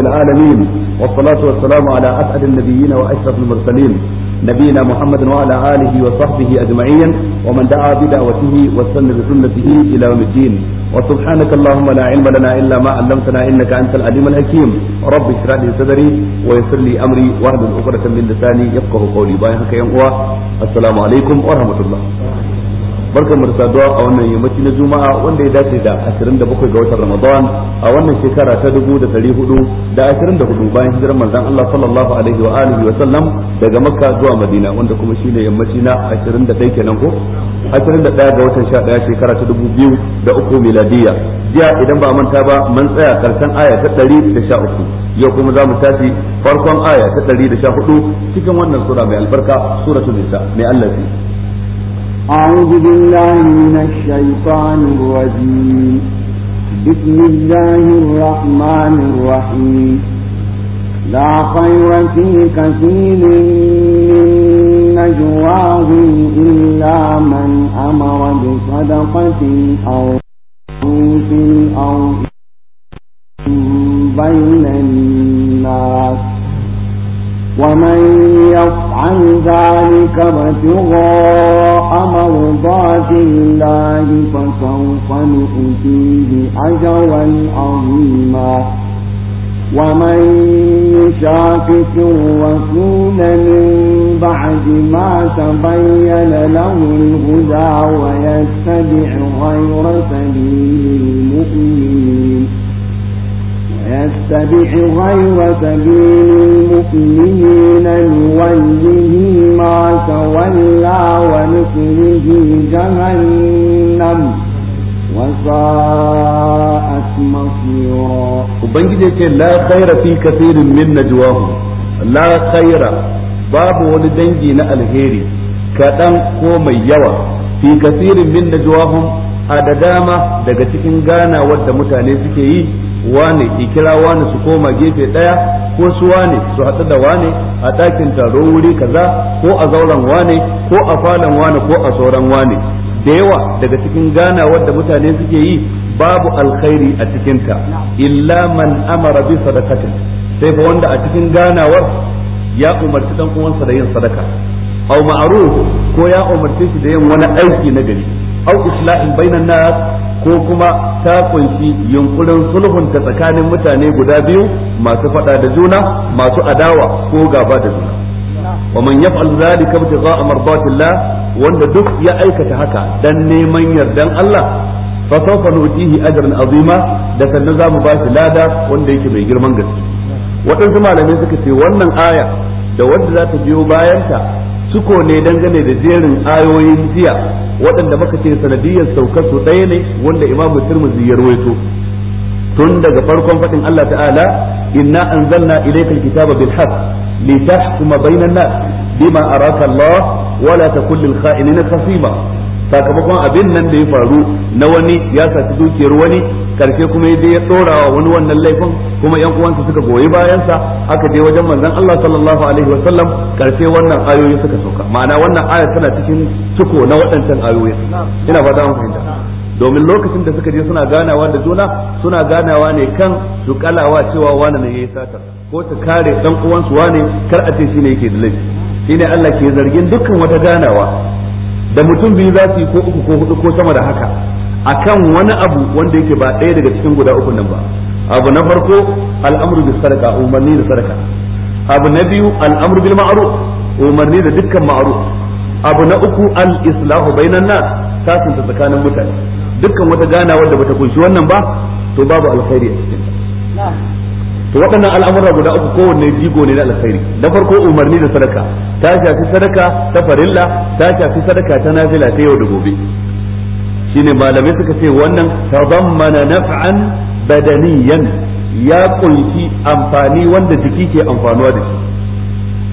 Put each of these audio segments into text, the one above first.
العالمين والصلاة والسلام على أسعد النبيين وأشرف المرسلين نبينا محمد وعلى آله وصحبه أجمعين ومن دعا بدعوته وسن بسنته إلى يوم الدين وسبحانك اللهم لا علم لنا إلا ما علمتنا إنك أنت العليم الحكيم رب اشرح لي صدري ويسر لي أمري واحلل عقدة من لساني يفقه قولي بايعك يا السلام عليكم ورحمة الله barkar mu da saduwa a wannan yammaci na juma'a wanda ya dace da 27 ga watan ramadan a wannan shekara ta 1400 da 24 bayan hijirar manzon Allah sallallahu alaihi wa alihi wa sallam daga makka zuwa madina wanda kuma shine yammaci na 21 kenan ko 21 ga watan 11 shekara ta 2000 da uku miladiya jiya idan ba manta ba mun tsaya karshen aya ta 113 yau kuma za mu tafi farkon aya ta 114 cikin wannan sura mai albarka suratul nisa mai Allah أعوذ بالله من الشيطان الرجيم بسم الله الرحمن الرحيم لا خير في كثير من نجواهم إلا من أمر بصدقة أو معروف أو بين الناس ومن يفعل ذلك ابتغاء مرضات الله فسوف نؤتيه أجرا عظيما ومن يشاقق الرسول من بعد ما تبين له الهدى ويتبع غير سبيل المؤمنين ويتبع غير سبيل المؤمنين نوله ما تولى ونصره جهنم وساءت مصيرا وبنجي لا خير في كثير من نجواه لا خير باب ولدنجي dangi na alheri kaɗan ko mai yawa fi kasirin a da dama daga cikin ganawar da mutane suke yi wane ikira wane su koma gefe daya ko su wane su hatsu da wane a ɗakin taro wuri kaza ko a zauren wane ko a falon wane ko a sauran wane da yawa daga cikin ganawar da mutane suke yi babu alkhairi a cikinta illa man amara bi sadaqatin sai fa wanda a cikin ganawar ya umarci dan uwansa da yin sadaka aw ma'ruf ko ya umarci shi da yin wani aiki na gari aw islahin bainan nas ko kuma ta kunshi yunkurin sulhun ta tsakanin mutane guda biyu masu fada da juna masu adawa ko gaba da juna wa man yaf'al zalika ibtigha'a mardatillah wanda duk ya aikata haka dan neman yardan Allah fa sawfa nutihi ajran azima da sannan zamu ba shi lada wanda yake mai girman gaske waɗansu malamai suka ce wannan aya da wanda za ta biyo bayanta suko ne dangane da jerin ayoyin jiya waɗanda muka ce sanadiyar saukar su ɗaya ne wanda imamu tirmidhi ya rawaito tun daga farkon faɗin Allah ta'ala inna anzalna kan kitaba bil haqq litahkuma bainan nas bima araka Allah wala takul lil kha'inina khasima sakamakon abin nan da ya faru na wani ya saci dukiyar wani karshe kuma ya je ya dora wa wani wannan laifin kuma yan uwansa suka goyi bayan sa aka je wajen manzon Allah sallallahu alaihi wasallam karshe wannan ayoyi suka sauka ma'ana wannan aya tana cikin suko na waɗancan ayoyi ina fata an fahimta domin lokacin da suka je suna ganawa da juna suna ganawa ne kan su kalawa cewa wani ne yayi satar ko ta kare dan uwansu wane kar a ce shi ne yake da laifi shi ne Allah ke zargin dukkan wata ganawa da mutum biyu za su yi ko uku ko hudu ko sama da haka akan wani abu wanda yake ba ɗaya daga cikin guda uku nan ba abu na farko al'amru bi sadaqa umarni da sadaqa abu na biyu al'amru bil ma'ruf umarni da dukkan ma'ruf abu na uku al islahu bainan nas sasunta tsakanin mutane dukkan wata ganawar da bata kunshi wannan ba to babu alkhairi a cikin to waɗannan al'amura guda uku kowanne jigo ne na alkhairi na farko umarni da sadaka ta shafi sadaka ta farilla ta shafi sadaka ta nafila ta yau da gobe shine malamai suka ce wannan tadammana naf'an badaniyan ya kunshi amfani wanda jiki ke amfanuwa da shi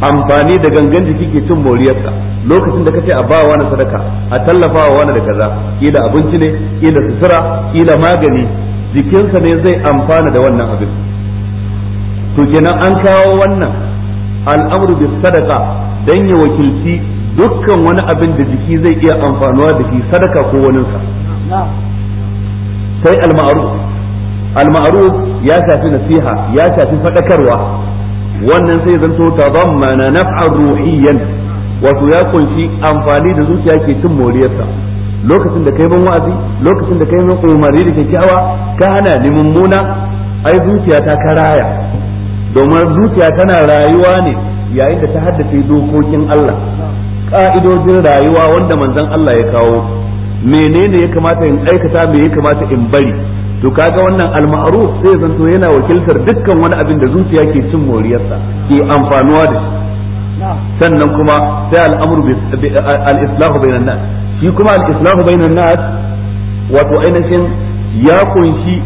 amfani da gangan jiki ke cin moriyarsa lokacin da kace a ba wani sadaka a tallafa wa wani da kaza kila abinci ne kila sutura kila magani jikinsa ne zai amfana da wannan abin to kenan an kawo wannan al'amru bis sadaka dan ya wakilci dukkan wani abin da jiki zai iya amfanuwa da shi sadaka ko waninsa sai al-ma'ruf al-ma'ruf ya shafi nasiha ya shafi fadakarwa wannan sai zanto tadammana naf'an ruhiyyan wato ya kunshi amfani da zuciya ke cin moriyarsa lokacin da kai ban wa'azi lokacin da kai ban umarni da kyakkyawa ka hana ni mummuna ai zuciya ta karaya domin zuciya tana rayuwa ne yayin da ta haddace dokokin Allah ka'idojin rayuwa wanda manzon Allah ya kawo menene ya kamata in aikata me ya kamata in bari to kaga wannan al-ma'ruf sai zanto yana wakiltar dukkan wani abin da zuciya ke cin moriyarsa ke amfanuwa da shi sannan kuma sai bi al-islahu bainan nas shi kuma al-islahu bainan nas wato ainihin ya kunshi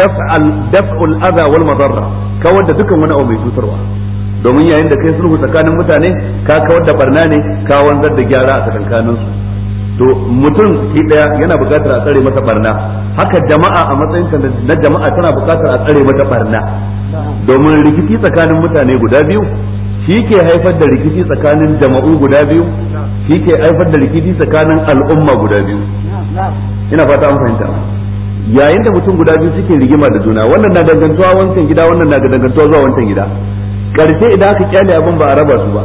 daf'al daf'ul adha wal madarra kawar da dukkan wani abu mai cutarwa domin yayin da kai sulhu tsakanin mutane ka kawar da barna ne ka wanzar da gyara a tsakankanin su to mutum shi daya yana buƙatar a tsare masa barna haka jama'a a matsayin na jama'a tana buƙatar a tsare mata barna domin rikici tsakanin mutane guda biyu shi ke haifar da rikici tsakanin jama'u guda biyu shi ke haifar da rikici tsakanin al'umma guda biyu ina fata an fahimta yayin da mutum guda biyu suke rigima da juna wannan na dangantuwa wancan gida wannan na dangantuwa zuwa wancan gida karshe idan aka kyale abin ba a raba su ba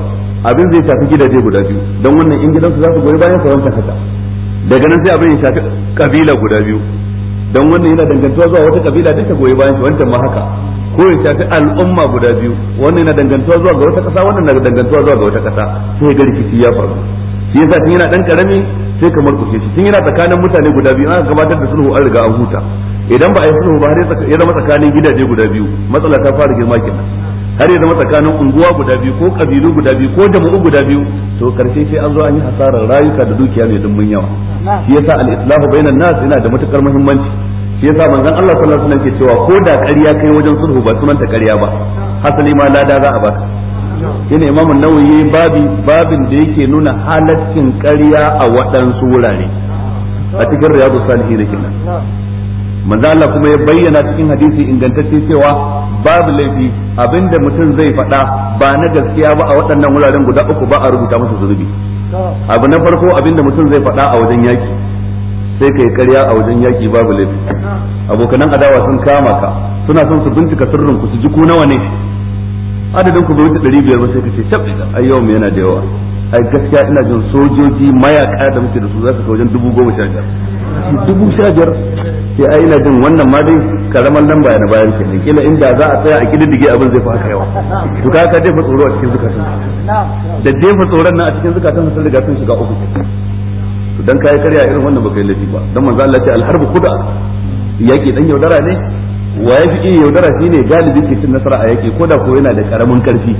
abin zai shafi gidaje guda biyu don wannan in gidansu za su goyi bayan sauran haka daga nan sai abin ya shafi kabila guda biyu don wannan yana dangantuwa zuwa wata kabila duk ta goyi bayan shi wancan ma haka ko ya shafi al'umma guda biyu wannan yana dangantuwa zuwa ga wata kasa wannan na dangantuwa zuwa ga wata kasa sai ga rikici ya faru shi yasa tun yana dan karami sai kamar kushe shi tun yana tsakanin mutane guda biyu aka gabatar da sulhu an riga an huta idan ba a yi sulhu ba har ya zama tsakanin gidaje guda biyu matsala ta fara girma kenan har ya zama tsakanin unguwa guda biyu ko kabilu guda biyu ko jama'u guda biyu to karshe sai an zo an yi hasarar rayuka da dukiya mai dumbin yawa shi yasa al-islahu bainan nas yana da matukar muhimmanci shi yasa manzon Allah sallallahu alaihi wasallam ke cewa ko da ƙarya kai wajen sulhu ba sunanta ƙarya ba hasali ma lada za a baka shine Imam Nawawi babi babin da yake nuna halaccin ƙarya a waɗansu wurare a cikin riyadu salihin kenan manzo Allah kuma ya bayyana cikin hadisi ingantacce cewa babu laifi abinda mutum zai faɗa ba na gaskiya ba a waɗannan wuraren guda uku ba a rubuta masa zunubi abu na farko abinda mutum zai faɗa a wajen yaki sai kai ƙarya a wajen yaki babu laifi abokanan adawa sun kama ka suna son su bincika sirrin ku su ji ku nawa ne adadin ku bai wuce 500 ba sai ka ce tabbi ai yau me yana da yawa ai gaskiya ina jin sojoji mayaka da muke da su za su kai wajen dubu goma sha biyar dubu sha biyar sai a ina jin wannan ma dai karaman lamba na bayan kenan kila inda za a tsaya a kididdige abin zai fi haka yawa to ka ka dai tsoro a cikin zukatan da dai tsoron nan a cikin zukatan sun riga sun shiga uku to dan kai karya irin wannan baka yi laifi ba dan manzo Allah ya ce alharbu khuda yaki dan yaudara ne wa yafi yin yaudara shine galibi ke cin nasara a yaki ko da ko yana da karamin karfi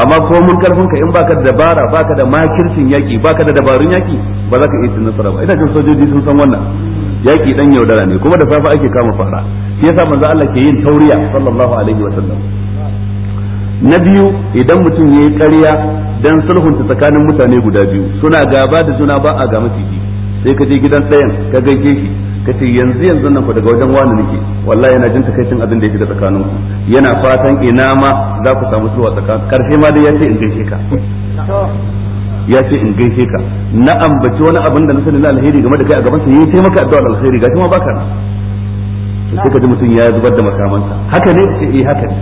amma ko mun karfin ka in baka da dabara baka da makircin yaki baka da dabarun yaki ba za ka iya cin nasara ba ina jin sojoji sun san wannan yaki dan yaudara ne kuma da safa ake kama fara shi yasa manzo Allah ke yin tauriya sallallahu alaihi wa sallam na biyu idan mutum yayi ƙarya dan sulhunta tsakanin mutane guda biyu suna gaba da juna ba a ga maciji sai ka je gidan ɗayan ka gaishe shi ka ce yanzu yanzu nan ko daga wajen wani nake wallahi yana jin takaicin abin da ya shiga tsakanin ku yana fatan ina ma za ku samu suwa tsakanin karshe ma dai ya ce in gaishe ka ya ce in gaishe ka na ambaci wani abin da na sani na alheri game da kai a gaban sa yayi taimaka addu'a alheri gashi ma baka to sai ka ji mutum ya zubar da makamansa haka ne eh haka ne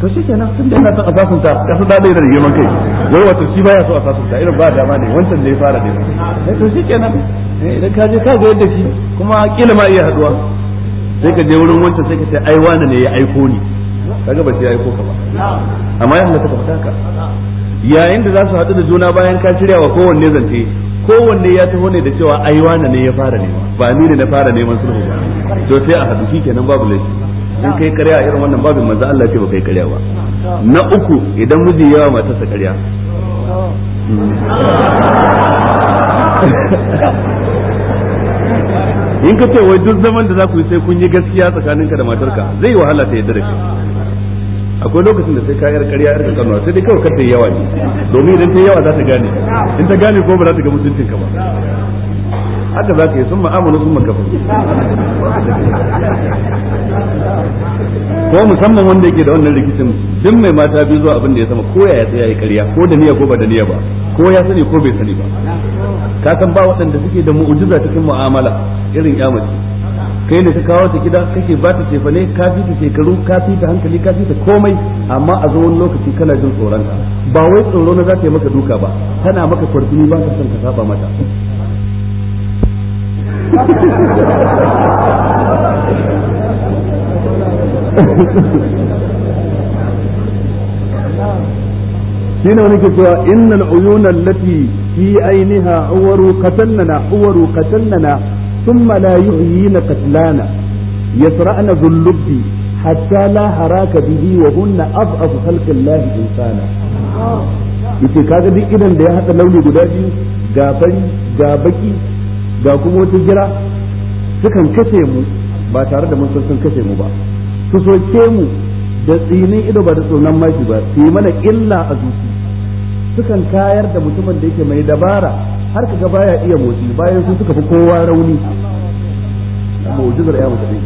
to shi kenan tun da yana son a ta ka su dade da girman kai wai wato shi baya so a ta irin ba dama ne wancan da ya fara ne eh to shi kenan eh, idan ka je ka ga yadda shi kuma kila ma iya haduwa sai ka je wurin wancan sai ka ce ai wani ne ya aiko ni kaga ba sai ya aiko ka ba amma ya ta ka fada ka yayin da za su haɗu da juna bayan ka shirya wa kowanne zance kowanne ya taho ne da cewa ai wane ne ya fara nema ba ni ne na fara neman sulhu ba to sai a haɗu nan babu laifi in kai karya a irin wannan babin manzo Allah ce ba kai karya ba na uku idan miji yawa matarsa karya in ka ce wai duk zaman da za ku yi sai kun yi gaskiya tsakaninka da matarka zai wahala ta yadda da shi akwai lokacin da sai ka yar ƙarya yar kanuwa sai dai kawai kar yawa ne domin idan ta yawa za ta gane in ta gane ko ba za ta ga mutuncin ka ba haka za ka yi sun ma'amala sun makafa ko musamman wanda yake da wannan rikicin duk mai mata biyu zuwa abin da ya sama ko ya tsaya ya karya ko da niyya ko ba da niyya ba ko ya sani ko bai sani ba ka san ba waɗanda suke da mu'ujiza cikin mu'amala irin ya mace kai ne ta kawo ta gida kake ba ta cefane ka fi ta shekaru ka fi ta hankali ka fi ta komai amma a zuwan lokaci kana jin tsoron ka ba wai tsoro na za ta yi maka duka ba tana maka kwarfini ba ka san ka saba mata shine wani ke cewa innal uyunan lati fi ainiha uwaru qatallana uwaru qatallana thumma la yuhyina qatlana yasra'na dhullubbi hatta la haraka bihi wa hunna adhafu khalqillahi insana yace kaga duk idan da ya hada launi guda biyu ga fari ga baki ga kuma wata jira sukan kashe mu ba tare da mun san sun kashe mu ba su soke mu da tsinin ido ba da tsonan maki ba su yi mana illa a zuci sukan kayar da mutumin da yake mai dabara har kaga baya iya motsi bayan sun suka fi kowa rauni mu'jizar ya mace ɗaya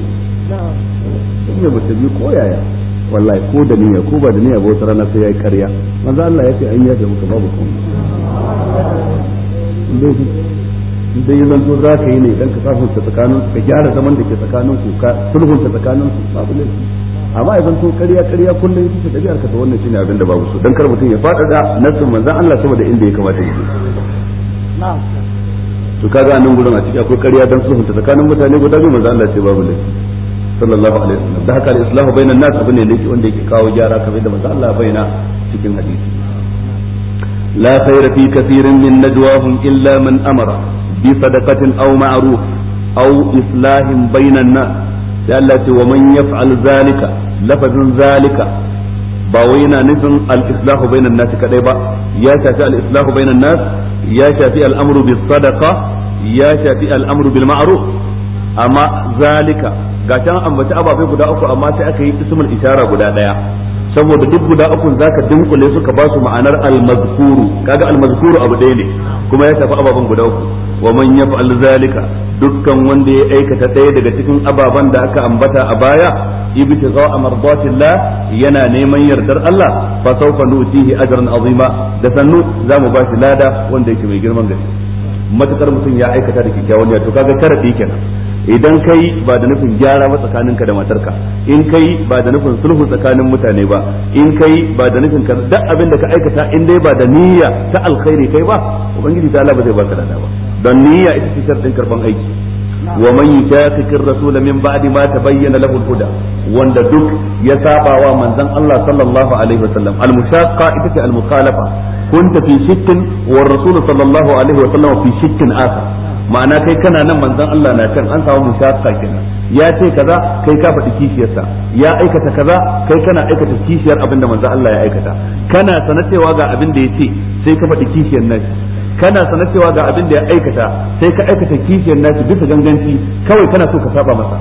iya mace biyu ko yaya wallahi ko da niyya ko ba da niyya ba wata rana sai yi karya maza Allah ya ce an yadda muka babu komai yi zan zo za ka yi ne idan ka safin ta tsakanin ka gyara zaman da ke tsakanin ku ka sulhun ta tsakanin ku babu laifi amma idan to karya karya kullum ya da biyar ka ta wannan shine abin da babu su, dan kar mutum ya faɗaɗa nassin manzon Allah saboda inda ya kamata yi. to kaga nan gurin a cikin akwai ƙarya dan sulhunta tsakanin mutane guda biyu manzo Allah ce babu laifi sallallahu alaihi wasallam da haka al-islahu bainan nas abin ne yake wanda yake kawo gyara kabe da manzo Allah bayyana cikin hadisi la khayra fi kathirin min najwahum illa man amara bi sadaqatin aw ma'ruf aw islahin bainan nas sai Allah ce wa man yaf'al zalika lafazin zalika ba wai yana nufin al-islahu bainan nas kadai ba ya shafi al-islahu bainan nas ya shafi al-amru bis sadaqa ya shafi al-amru bil ma'ruf amma zalika ga ta ambaci ababai guda uku amma sai aka yi ismul ishara guda daya saboda duk guda uku zaka dinkule suka ba su ma'anar al-mazkuru kaga al-mazkuru abu ɗaya ne kuma ya tafi ababen guda uku wa man yaf'al zalika dukkan wanda ya aikata ɗaya daga cikin ababen da aka ambata a baya ibtigha mardatillah yana neman yardar Allah fa sawfa nutihi ajran azima da sannu zamu ba shi lada wanda yake mai girman gaske matakar mutum ya aikata da kyakkyawan ya to kaga sharadi kenan idan kai ba da nufin gyara ba tsakaninka da matarka in kai ba da nufin sulhu tsakanin mutane ba in kai ba da nufin ka duk abin da ka aikata in dai ba da niyya ta alkhairi kai ba ubangiji ta Allah ba zai baka lada ba don niyya ita ce sharɗin karban aiki wa man yutaqiqir rasul min ba'di ma tabayyana lahu al-huda wanda duk ya saba wa manzon Allah sallallahu alaihi wasallam al-mushaqqa ita ce al-mukhalafa kunta fi shakkin wa rasul sallallahu alaihi wasallam fi shakkin akhar ma'ana kai kana nan manzon Allah na can an samu mushaqqa kenan ya ce kaza kai ka faɗi kishiyarsa ya aikata kaza kai kana aikata kishiyar abin da manzon Allah ya aikata kana sanacewa ga abin da ya ce sai ka faɗi kishiyar nashi kana sanacewa ga abin da ya aikata sai ka aikata kishiyar nashi bisa ganganci kawai kana so ka saba masa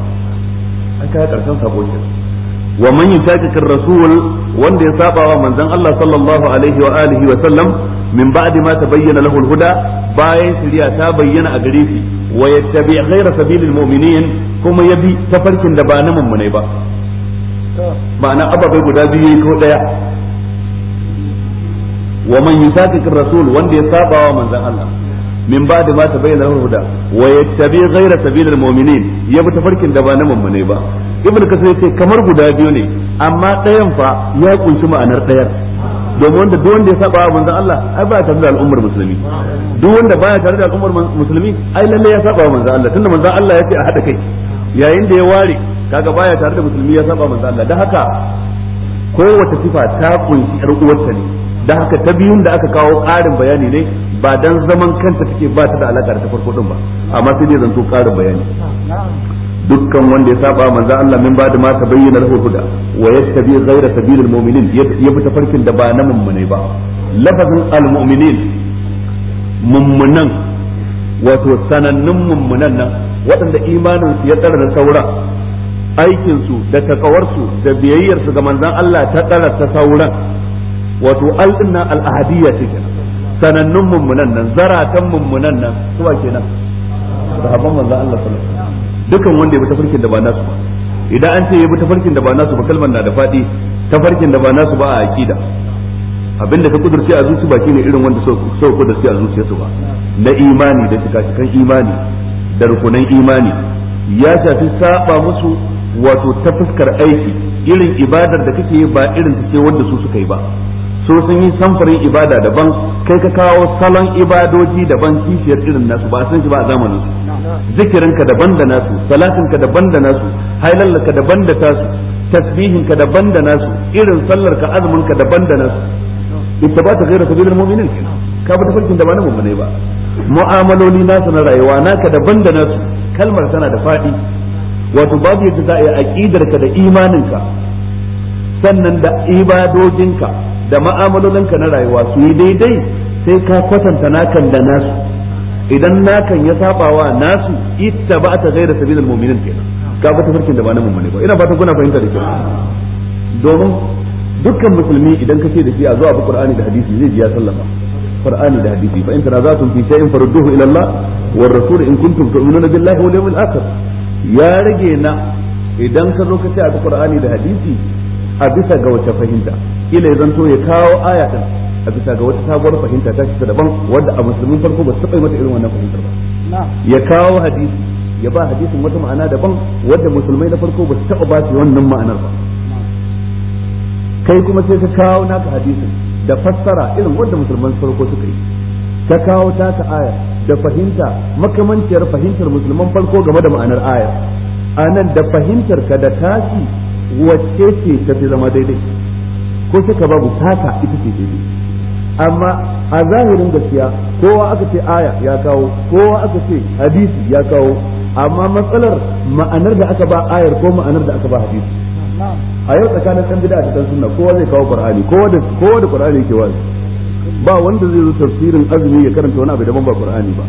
an kai karshen sabo kenan wa man yutaqiq ar-rasul wanda ya saba wa manzon Allah sallallahu alaihi wa alihi wa sallam min ba'di ma tabayyana lahu al-huda bayan shari'a ta bayyana a gare shi wa yattabi ghayra sabilil mu'minin kuma ya bi tafarkin da ba na mummunai ba ma'ana ababai guda biyu ko daya wa man yusaqiq rasul wanda ya saba wa manzon Allah min ba'da ma tabayyana al-huda wa yattabi ghayra sabilil mu'minin ya bi tafarkin da ba na mummunai ba ibnu kasir yace kamar guda biyu ne amma ɗayan fa ya kunshi ma'anar ɗayar domin wanda duk wanda ya saba wa manzon Allah ai ba tare da al'ummar musulmi duk wanda baya tare da al'ummar musulmi ai lalle ya saba wa manzon Allah tunda manzon Allah ya ce a hada kai yayin da ya ware kaga baya tare da musulmi ya saba manzon Allah dan haka kowace sifa ta kunshi yar uwarta ne dan haka ta biyun da aka kawo karin bayani ne ba dan zaman kanta take ba ta da alaka da ta farko din ba amma sai dai zanto karin bayani dukkan wanda ya saba manzo Allah min ba da ma tabayyana lahu huda wa yattabi ghayra sabilil mu'minin ya bi tafarkin da ba na mummune ba lafazin al mummunan wato sanannun mummunan nan waɗanda imanin su ya tsara da sauran aikin su da takawarsu da biyayyar su ga manzon Allah ta tsara ta sauran wato al dinna al ahadiyya sanannun mummunan nan zaratan mummunan nan suwa kenan sahabban manzon Allah sallallahu alaihi wasallam dukan wanda ya bi tafarkin da ba nasu ba idan an ce ya bi tafarkin da ba nasu ba kalmar na da faɗi tafarkin da ba nasu ba a aqida abinda ka kudurce a zuci baki ne irin wanda so kudurce a su ba na imani da cikakken imani da rukunan imani ya shafi saba musu wato ta fuskar aiki irin ibadar da kake ba irin ta ce wanda su suka yi ba so sun yi samfarin ibada daban kai ka kawo salon ibadoji daban kishiyar irin nasu ba san shi ba a zamanin su zikirin ka daban da nasu salatin ka daban da nasu hailalla ka daban da tasu tasbihin ka daban da nasu irin sallar ka azumin ka daban da nasu ittabata ghayra sabilil mu'minin ka bi tafarkin da ba na mu'mine ba mu'amaloli nasu na rayuwa naka daban da nasu kalmar tana da fadi wato babu yadda za a yi aqidar ka da imanin ka sannan da ibadojinka da ma'amalolinka na rayuwa su yi daidai sai ka kwatanta nakan da nasu idan nakan ya sabawa nasu itta ba ta gaira sabilil mu'minin kenan ka ga tafarkin da ba na mummune ba ina fatan kuna fahimta da kyau domin dukkan musulmi idan kace da shi a zuwa qur'ani da hadisi zai ji ya sallama qur'ani da hadisi fa in tanazatum fi shay'in farudduhu ila Allah war rasul in kuntum tu'minuna billahi wal yawmil akhir ya rage na idan ka zo ka ce a qur'ani da hadisi a bisa ga wace fahimta kila ya zanto ya kawo aya din a bisa ga wata sabuwar fahimta ta shi daban wanda a musulmin farko ba su mata irin wannan fahimtar ba ya kawo hadisi ya ba hadisin wata ma'ana daban wanda musulmai na farko ba su taba ba su wannan ma'anar ba kai kuma sai ka kawo naka hadisin da fassara irin wanda musulman farko suka yi ka kawo taka aya da fahimta makamanciyar fahimtar musulman farko game da ma'anar ayar anan da fahimtar ka da tashi wacce ce ta fi zama daidai ko suka babu taka ita ce daidai amma a zahirin gaskiya kowa aka ce aya ya kawo kowa aka ce hadisi ya kawo amma matsalar ma'anar da aka ba ayar ko ma'anar da aka ba hadisi a yau tsakanin ɗan bid'a da cikin sunna kowa zai kawo qur'ani kowa da kowa da qur'ani yake wazi ba wanda zai zo tafsirin azumi ya karanta wani abu daban ba qur'ani ba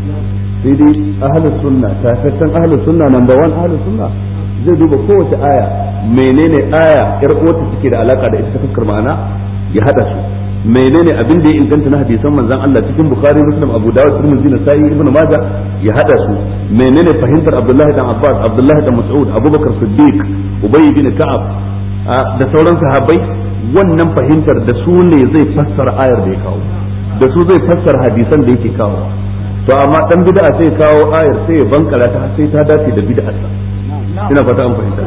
sai dai ahlus sunna tafsirin ahlus sunna number 1 ahlus sunna zai duba kowace aya menene aya yar uwarta take da alaka da ita ta fuskar ma'ana ya hada su menene abin da ya inganta na hadisan manzon Allah cikin Bukhari Muslim Abu Dawud Tirmidhi Nasa'i Ibn Majah ya hada su menene fahimtar Abdullahi dan Abbas Abdullahi dan Mas'ud Abubakar Siddiq Ubay bin Ka'ab da sauran sahabbai wannan fahimtar da su ne zai fassara ayar da ya kawo da su zai fassara hadisan da yake kawo to amma dan bid'a sai kawo ayar sai ya bankara ta sai ta dace da bid'arsa ina fata an fahimta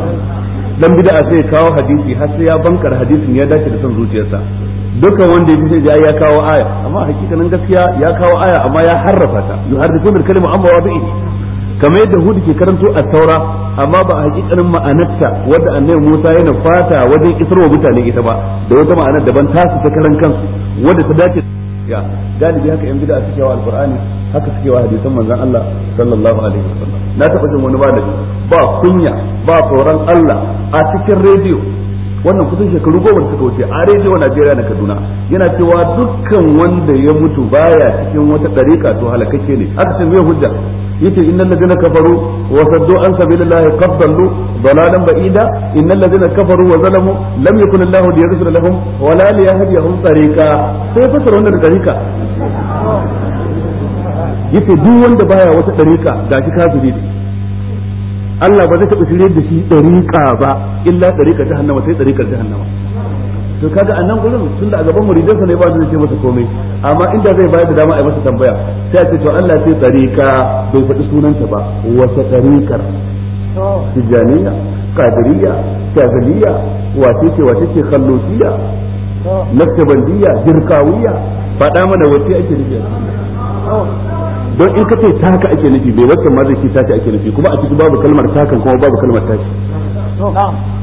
dan bid'a sai kawo hadisi har sai ya bankar hadisin ya dace da son zuciyarsa duka wanda yake ji ya kawo aya amma hakikanin gaskiya ya kawo aya amma ya harrafa ta yuharrifun al-kalima amma wadi'i kamar yadda hudu ke karanto a taura amma ba a hakikanin ma'anarta wadda annabi Musa yana fata wajen isarwa mutane ita ba da wata ma'anar daban tasu ta karan kansu wadda ta dace gaskiya galibi haka yan bid'a suke wa alqur'ani haka suke wa hadisan manzon Allah sallallahu alaihi wasallam na taba jin wani malami ba kunya ba tsoron Allah a cikin rediyo wannan kusan shekaru goma suka wuce a rediyo Najeriya na Kaduna yana cewa dukkan wanda ya mutu baya cikin wata dariƙa to halakake ne haka sai mai hujja yace innal ladina kafaru wa saddu an sabilillahi qad dallu dalalan ba'ida innal ladina kafaru wa zalamu lam yakun Allah liyaghfir lahum wa la liyahdihum tariqa sai fasara wannan tariqa yace duk wanda baya wata tariqa gashi kafiri ne Allah ba zai taɓa shirye da shi ɗariƙa ba illa tariqa jahannama sai ɗariƙar jahannama to kaga a nan gurin da a gaban sa ne ba zai ce masa komai amma inda zai bayar da dama a masa tambaya sai a ce to Allah sai tsarika bai faɗi sunanta ba wata tsarikar tijaniya kadiriya shazaliya wace ce wace ce khallosiya naktabandiya jirkawiya faɗa mana wace ake nufi don in kace ta haka ake nufi bai wacce ma zai ce ta ake nufi kuma a cikin babu kalmar takan kuma babu kalmar tashi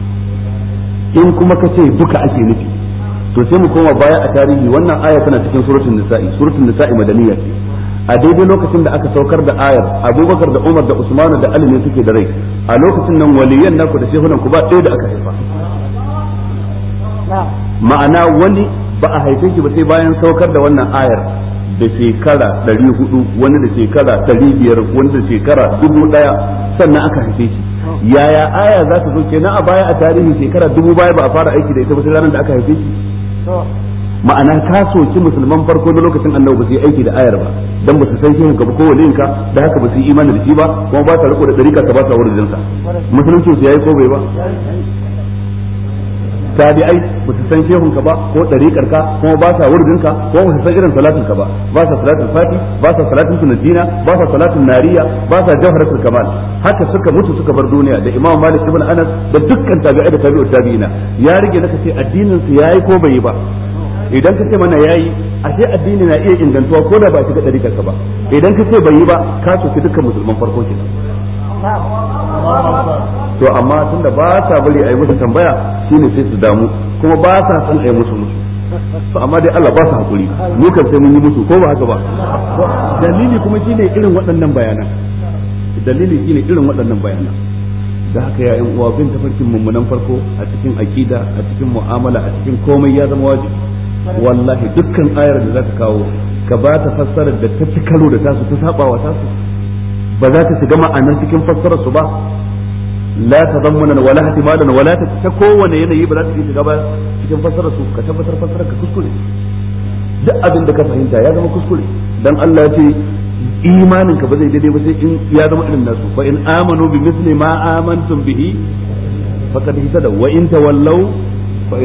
in kuma ka ce duka ake nufi to sai mu koma baya a tarihi wannan aya tana cikin suratul nisa'i suratul nisa'i madaniya ce a daidai lokacin da aka saukar da ayar abubakar da umar da usman da ali ne suke da rai a lokacin nan waliyan naku da shehunan ku ba ɗaya da aka haifa ma'ana wani ba a haife shi ba sai bayan saukar da wannan ayar da shekara 400 wani da shekara biyar, wani da shekara ɗaya, sannan aka haife shi yaya aya za ta zo kenan a baya a tarihin shekara dubu baya ba a fara aiki da ita ba sai ranar da aka haife shi ma'ana ka soki musulman farko na lokacin annabi ba su yi aiki da ayar ba dan ba su san shehu ka ba ko ka da haka ba su yi imani da shi ba kuma ba ta riko da dariƙa ka ba ta wurin jinsa musulunci su yayi ko bai ba tabi'ai ba su san shehun ka ba ko dariƙar ka kuma ba sa wurdin ka ko ba su san irin salatin ka ba ba sa salatin fati ba sa salatin sunnatina ba sa salatin nariya ba sa jawharatul kamal haka suka mutu suka bar duniya da Imam Malik ibn Anas da dukkan tabi'ai da tabi'ut tabi'ina ya rige ka ce addinin su yayi ko bai yi ba idan ka ce mana yayi ashe addini na iya ingantuwa ko da ba shiga dariƙar ka ba idan ka ce bai yi ba ka soki dukkan musulman farko kenan to amma tunda ba sa bari a yi musu tambaya shine sai su damu kuma ba sa san a yi musu musu to amma dai Allah ba sa hakuri mu kan sai mun yi musu ko ba haka ba dalili kuma shine irin waɗannan bayanan dalili shine irin waɗannan bayanan da haka ya yan uwa bin tafarkin mummunan farko a cikin akida a cikin mu'amala a cikin komai ya zama wajibi wallahi dukkan ayar da zaka kawo ka ba ta fassara da ta ci karo da tasu ta saba wa tasu ba za ta shiga ma'anar cikin fassarar su ba la tadammunan wala ihtimalan wala ta kowane yanayi ba za ta iya shiga ba cikin fassarar su ka tabbatar fassarar ka kuskure duk abin da ka fahimta ya zama kuskure dan Allah ya imanin ka ba zai daidai ba sai in ya zama irin nasu fa in amanu bi misli ma amantum bihi faqad ihtada wa in tawallaw wa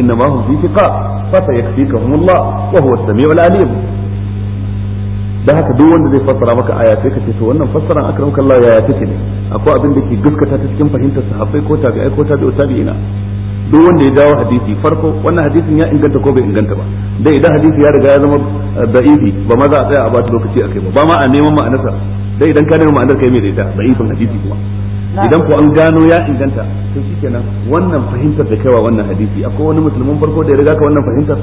da haka duk wanda zai fassara maka aya sai ka ce to wannan fassara akram Allah yaya take ne akwai abin da ke gaskata ta cikin fahimtar sahabbai ko tabi'ai ko tabi'u tabi'ina duk wanda ya dawo hadisi farko wannan hadisin ya inganta ko bai inganta ba dai idan hadisi ya riga ya zama eh, da'ifi ba ma za a tsaya a bata lokaci a kai ba ba ma a neman ma'anarsa dai idan ka neman ma'anar kai mai da ita da'ifin hadisi kuma idan ko an gano ya inganta to shikenan wannan fahimtar da kaiwa wannan hadisi akwai wani musulmin farko da ya riga ka wannan fahimtar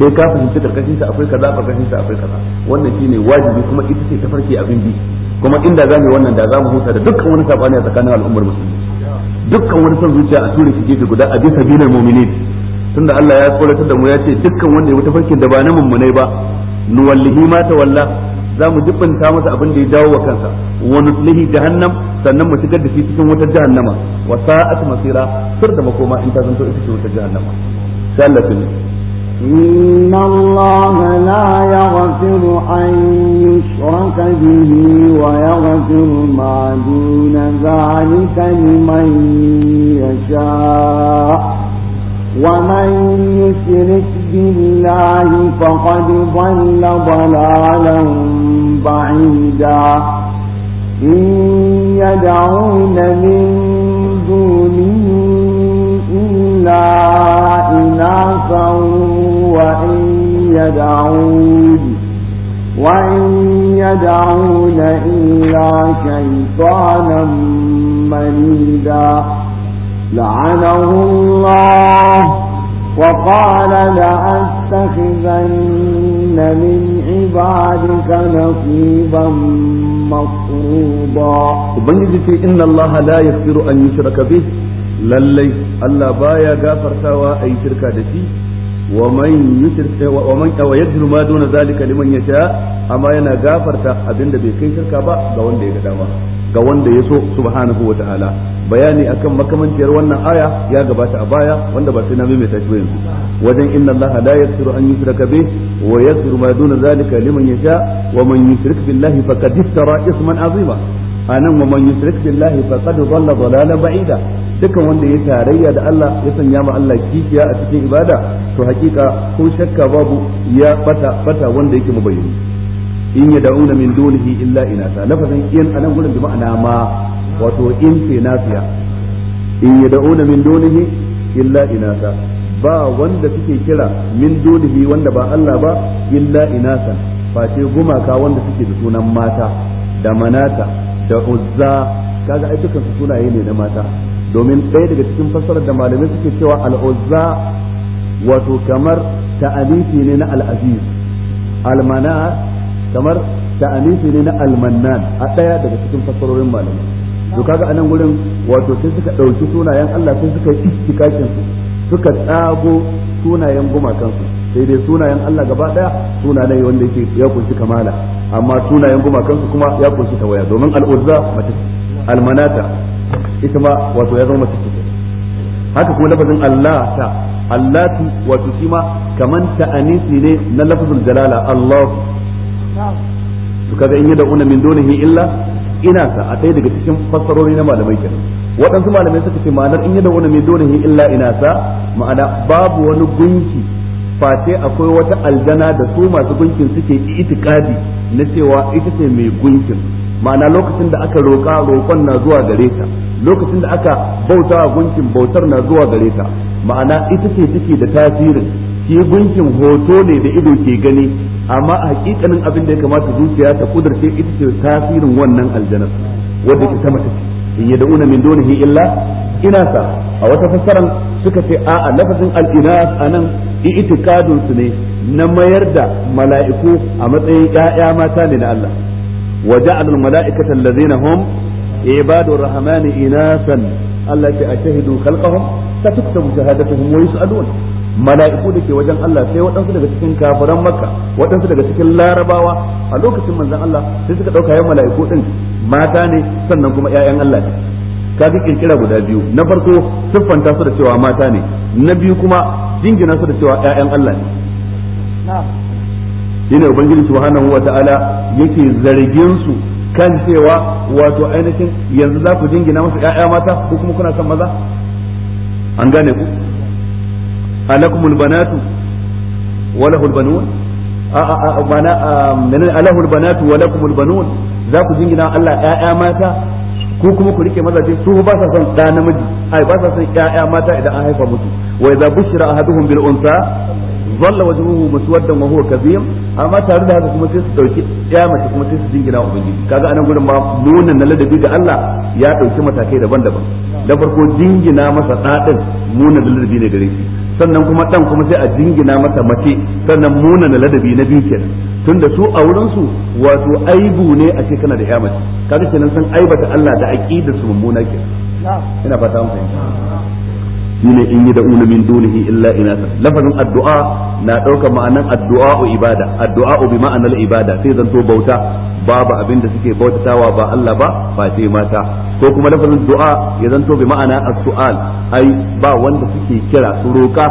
kai ka fahimci karkashin sa akwai kaza karkashin sa akwai kaza wannan shine wajibi kuma ita ce ta farke abin bi kuma inda zamu wannan da zamu huta da dukkan wani sabani a tsakanin al'ummar musulmi dukkan wani son zuciya a tura shi gefe guda a bi sabilil mu'minin tunda Allah ya tsoratar da mu ya ce dukkan wanda ya wuta farkin da ba na mummunai ba nuwallihi ma tawalla za mu jibinta masa abin da ya dawo wa kansa wa nuslihi jahannam sannan mu shigar da shi cikin wata jahannama wa sa'at masira sir da makoma in ta zanto ita ce wata jahannama sai Allah ya إن الله لا يغفر أن يشرك به ويغفر ما بالله فقد ضل ضلالا بعيدا إن يدعون من دونه إلا إناثا وإن يدعون وإن يدعون إلا شيطانا مريدا لعنه الله وقال لأتخذن من عبادك نصيبا مفروضا وبنجد إن الله لا يغفر أن يشرك به lallai Allah baya gafartawa a yi shirka da shi ومن يشرك ومن ويغفر ما دون ذلك لمن يشاء yana gafarta abinda bai kai shirka ba ga wanda ya ga dama ga wanda ya so subhanahu wa ta'ala bayani akan makamanciyar wannan aya ya gabata a baya wanda ba sai na maimaita shi yanzu wajen inna allaha la yaghfiru an yushraka bih wa yaghfiru ma duna zalika liman yasha wa man yushrik billahi faqad iftara isman azima anan wa man yusrik billahi faqad dhalla dhalala ba'ida dukan wanda ya tarayya da Allah ya sanya ma Allah kishiya a cikin ibada to hakika ko shakka babu ya bata bata wanda yake mabayyani in ya yad'una min dunihi illa inasa lafazan in anan gurin bi ma'ana ma wato in fi nafiya in ya yad'una min dunihi illa inasa ba wanda suke kira min dunihi wanda ba Allah ba illa inasa face gumaka wanda suke da sunan mata da manata da uzza kaga ai dukkan su sunaye ne na mata domin ɗaya daga cikin fassarar da malamai suke cewa al-uzza wato kamar ta'anifi ne na al-aziz al kamar ta'anifi ne na al-mannan a ɗaya daga cikin fassarorin malamai to kaga anan gurin wato sai suka ɗauki sunayen Allah sai suka yi istikakin su suka tsago sunayen gumakan su sai dai sunayen Allah gaba daya suna ne wanda yake ya kunshi kamala amma sunayen gumakansu kuma ya kunshi tawaya domin al-uzza almanata al ita ma wato ya zama mace haka kuma lafazin Allah ta allatu wato shi ma kaman ta'anisi ne na lafazul jalala Allah to kaga in yada una min dunihi illa ina sa a ɗaya daga cikin fassarori na malamai kenan waɗansu malamai suka ce ma'anar in yada una min dunihi illa ina sa ma'ana babu wani gunki face akwai wata aljana da su masu gunkin suke itikadi na cewa ita ce mai gunkin ma'ana lokacin da aka roƙa roƙon na zuwa gare ta lokacin da aka bauta gunkin bautar na zuwa gare ta ma'ana ita ce take da tasirin shi gunkin hoto ne da ido ke gani amma a hakikanin abin da ya kamata zuciya ta kudurce ita ce tasirin wannan aljanar wadda ke sama take yad'una min dunihi illa inasa a wata fassaran suka ce a'a lafazin al-inas anan i'tiqadun su ne na mayar da mala'iku a matsayin ƴaƴa mata ne na Allah wa ja'alul mala'ikata allazina hum ibadur rahmani inasan Allah ya ashhadu khalqahum satuktabu shahadatuhum wa yus'alun mala'iku da ke wajen Allah sai waɗansu daga cikin kafiran makka waɗansu daga cikin larabawa a lokacin manzon Allah sai suka ɗauka yan mala'iku ɗin mata ne sannan kuma 'ya'yan Allah ne ka fi kirkira guda biyu na farko siffanta su da cewa mata ne na biyu kuma jingina su da cewa 'ya'yan Allah ne shine ubangiji subhanahu wata'ala yake zargin su kan cewa wato ainihin yanzu za ku jingina masa ƴaƴa mata ko kuma kuna son maza an gane ku alakumul banatu wa lahul banun mana alahul banatu wa lakumul banun za ku jingina Allah ƴaƴa mata ku kuma ku rike mazaje su ba sa son da namiji ai ba sa son ƴaƴa mata idan an haifa musu wa idza bushira ahaduhum bil unsa dhalla wajhuhu muswaddan wa huwa kadhim amma tare da haka kuma sai su dauki ƴa mace kuma sai su jingina ubangiji kaga anan gurin ba nuna na ladabi ga Allah ya dauki matakai daban-daban da farko jingina masa dadin nuna ladabi ne gare shi sannan kuma dan kuma sai a jingina masa mace sannan muna na ladabi na biyu kenan tunda su a wurin su wato aibu ne a ce kana da ya mace kaga kenan san aibata Allah da aqidar su mummuna kenan ina fata mun fahimta shine in yi da'una min dunihi illa inasa lafazin addu'a na ɗaukar ma'anan addu'a ibada addu'a bi ma'anar ibada sai zanto bauta babu abin da suke bautatawa ba Allah ba ba sai mata ko kuma lafazin du'a ya zanto bi ma'ana as-su'al ai ba wanda suke kira su roka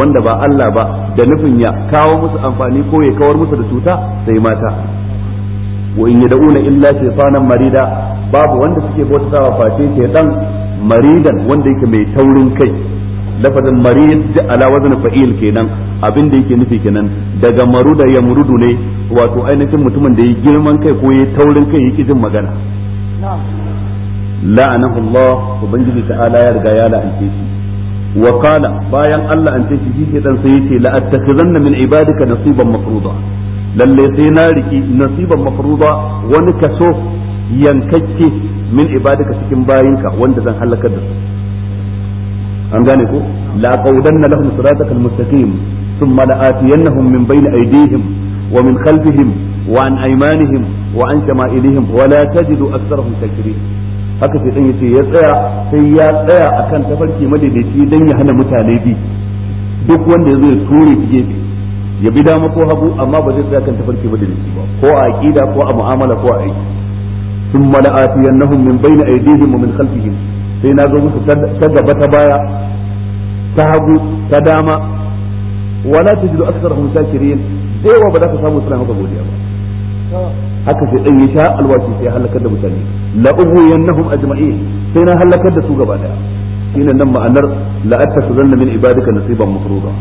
wanda ba Allah ba da nufin ya kawo musu amfani ko ya kawar musu da cuta sai mata wa in yad'una illa shaytanan marida babu wanda suke bautatawa face shaytan maridan wanda yake mai taurin kai lafazin marid da ala wazan fa'il kenan abin da yake nufi kenan daga maruda ya murudu ne wato ainihin mutumin da ya girman kai ko ya taurin kai yake jin magana la'anahu Allah ubangiji ta'ala ya riga ya la'ance shi wa qala bayan Allah an ce shi ke dan sai yace la attakhizanna min ibadika nasiban mafruda lalle sai na riki nasiban mafruda wani kaso yankakke min ibadaka cikin bayinka wanda zan halakar da su an gane ko la qawdanna lahum siratal almustaqim thumma atiyannahum min bayni aydihim wa min khalfihim wa an aymanihim wa an shama'ilihim wa la tajidu aktharahum shakirin haka sai dan yace ya tsaya sai ya tsaya akan tafarki madaidaici dan ya hana mutane bi duk wanda yazo ya ture gefe ya bi dama ko hagu amma ba zai tsaya kan tafarki madaidaici ba ko a aqida ko a mu'amala ko a aiki ثم لآتينهم من بين أيديهم ومن خلفهم sai na zo musu ta gaba ta baya ta hagu ta dama wala tajidu aktharahum shakirin da yawa ba za ka samu suna maka godiya ba haka sai dan ya sha alwashi sai halakar da mutane la ubuyannahum ajma'in sai na halakar da su gaba daya shine nan ma'anar la zanna min ibadika nasiban mafruḍa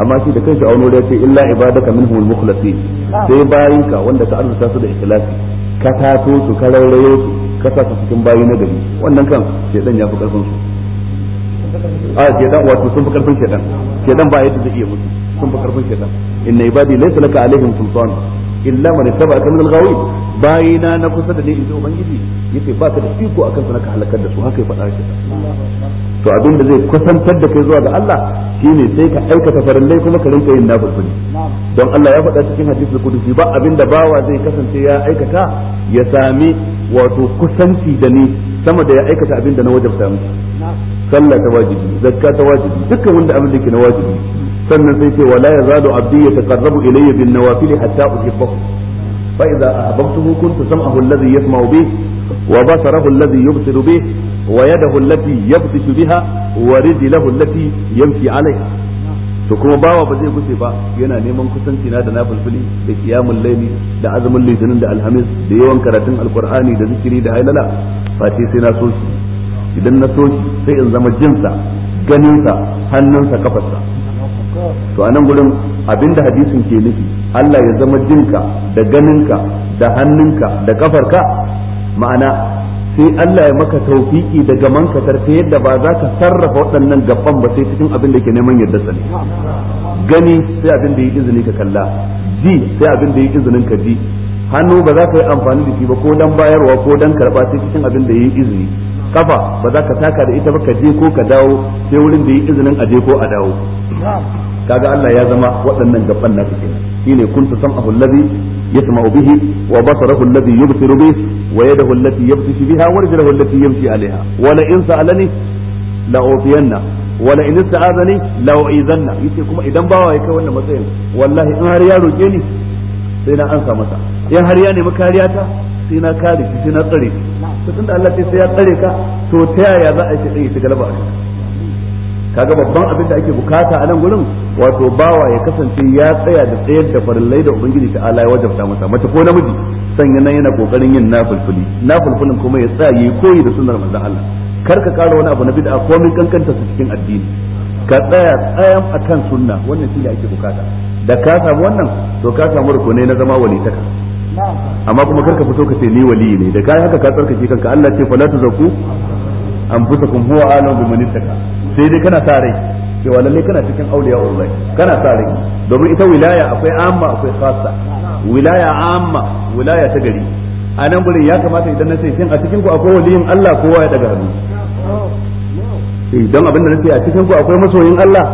amma shi da kanshi a wani wuri ya ce illa ibadaka minhum al-mukhlasin sai bayinka wanda ka arzuta su da ikhlasi ka tato su ka raurayo su ka sa su cikin bayi na gari wannan kan shedan ya fi karfin su a shedan wato sun fi karfin shedan shedan ba yadda zai iya musu sun fi karfin shedan inna ibadi laysa laka alaihim sultan illa man ittaba'aka min al-ghawin bayina na kusa da ni in ji ubangiji yace ba ka da iko akan ka halakar da su haka ya faɗa shi to abin da zai kusantar da kai zuwa ga Allah shine sai ka aikata farallai kuma ka rinka yin nafilfili don Allah ya faɗa cikin hadisul kudusi ba abin da bawa zai kasance ya aikata ya sami wato kusanci da ni sama da ya aikata abin da na wajabta miki sallah ta wajibi zakka ta wajibi dukkan wanda abin da ke na wajibi sannan sai ce wala yazalu abdi yataqarrabu ilayya bin nawafil hatta uhibbahu fa idza ahbabtuhu kuntu sam'ahu alladhi yasma'u bih wa basarahu alladhi yubsiru bih wa yadahu allati yabtishu biha wa to kuma bawa ba zai guce ba yana neman kusanci na da nafilfili da kiyamul laili da azumin litinin da alhamis da yawan karatun alqur'ani da zikiri da hailala fa sai na so shi idan na so shi sai in zama jinsa ganinsa hannunsa kafarsa to a nan gurin abinda hadisin ke nufi Allah ya zama jinka da ganinka da hannunka da kafarka ma'ana sai Allah ya maka taufiki da gaman ka ta yadda ba za ka sarrafa waɗannan gaban ba sai cikin abin da ke neman yadda sani gani sai abin da yi izini ka kalla ji sai abin da yi izinin ka ji hannu ba za ka yi amfani da shi ba ko dan bayarwa ko dan karba sai cikin abin da yi izini kafa ba za ka taka da ita ba ka je ko ka dawo sai wurin da yi izinin a je ko a dawo kaga Allah ya zama waɗannan gaban su kenan shine kuntu sam'ahu allazi yasma'u bihi wa basarahu allazi yubsiru bihi wa yadahu allati yabtashu biha wa rijluhu allati yamshi 'alayha wa la in sa'alani la utiyanna wa la in ista'azani la u'izanna yace kuma idan bawa ya kai wannan matsayin wallahi in har ya roke ni sai na ansa masa in har ya nemi kariya ta sai na kare shi sai na tsare shi to tunda Allah sai ya tsare ka to ta yaya za a yi shi galaba a kaga babban abin da ake bukata a nan gurin wato bawa ya kasance ya tsaya da tsayar da farillai da ubangiji ta ala ya wajabta masa mace ko namiji sanya nan yana kokarin yin nafulfuli nafulfulin kuma ya tsaya yi koyi da sunnar manzon Allah kar ka kara wani abu na bid'a ko min kankanta su cikin addini ka tsaya tsayan akan sunna wannan shi ne ake bukata da ka samu wannan to ka samu rukunai na zama taka amma kuma kar ka fito ka ce ni wali ne da kai haka ka tsarkake kanka Allah ce fa la tuzaku anfusakum huwa a'lamu biman ittaka sai dai kana sa rai cewa lalle kana cikin auliya ulai kana sa rai domin ita wilaya akwai amma akwai khassa wilaya amma wilaya ta gari a nan gurin ya kamata idan na ce shin a cikin ku akwai waliyin Allah kowa ya daga hannu idan eh, abin da sai a cikin ku akwai masoyin Allah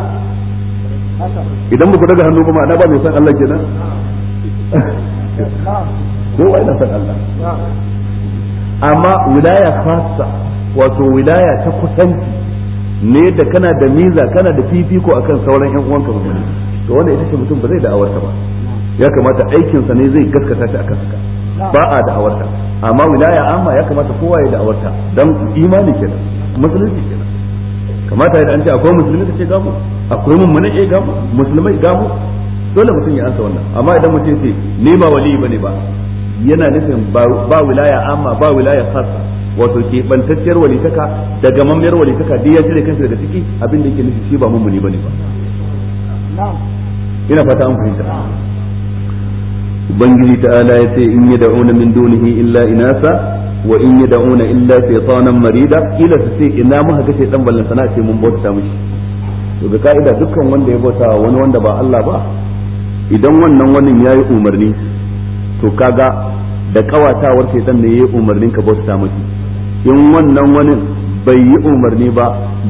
idan ku daga hannu kuma ana ba mai san Allah kenan kowa yana san Allah amma wilaya khassa wato wilaya ta kusanci ne da kana da miza kana da fifiko akan sauran yan uwanka mutane, to wanda ita ce mutum ba zai da'awarta ba ya kamata aikinsa ne zai gaskata ta akan haka ba a da'awarta amma wilaya amma ya kamata kowa ya da'awarta dan imani kenan musulunci kenan kamata ya an ce akwai musulmi ka ce gamu akwai mummune eh gamu musulmai gamu dole mutum ya ansa wannan amma idan mutum ce ni ba wali bane ba yana nufin ba wilaya amma ba wilaya khassa wato ke bantacciyar walitaka da gamammiyar walitaka duk ya cire kansa daga ciki abin da yake nufi shi ba mummuni bane ba ina fata an fahimta ubangiji ta'ala ya ce in yad'una min dunihi illa inasa wa in yad'una illa shaytanan marida kila su ce ina muka ga shaytan ballan sana ce mun bauta mishi to ga ka'ida dukkan wanda ya bauta wani wanda ba Allah ba idan wannan wannan yayi umarni to kaga da kawatawar shaitan ne yayi umarnin ka bauta mashi. in wannan wani bai yi umarni ba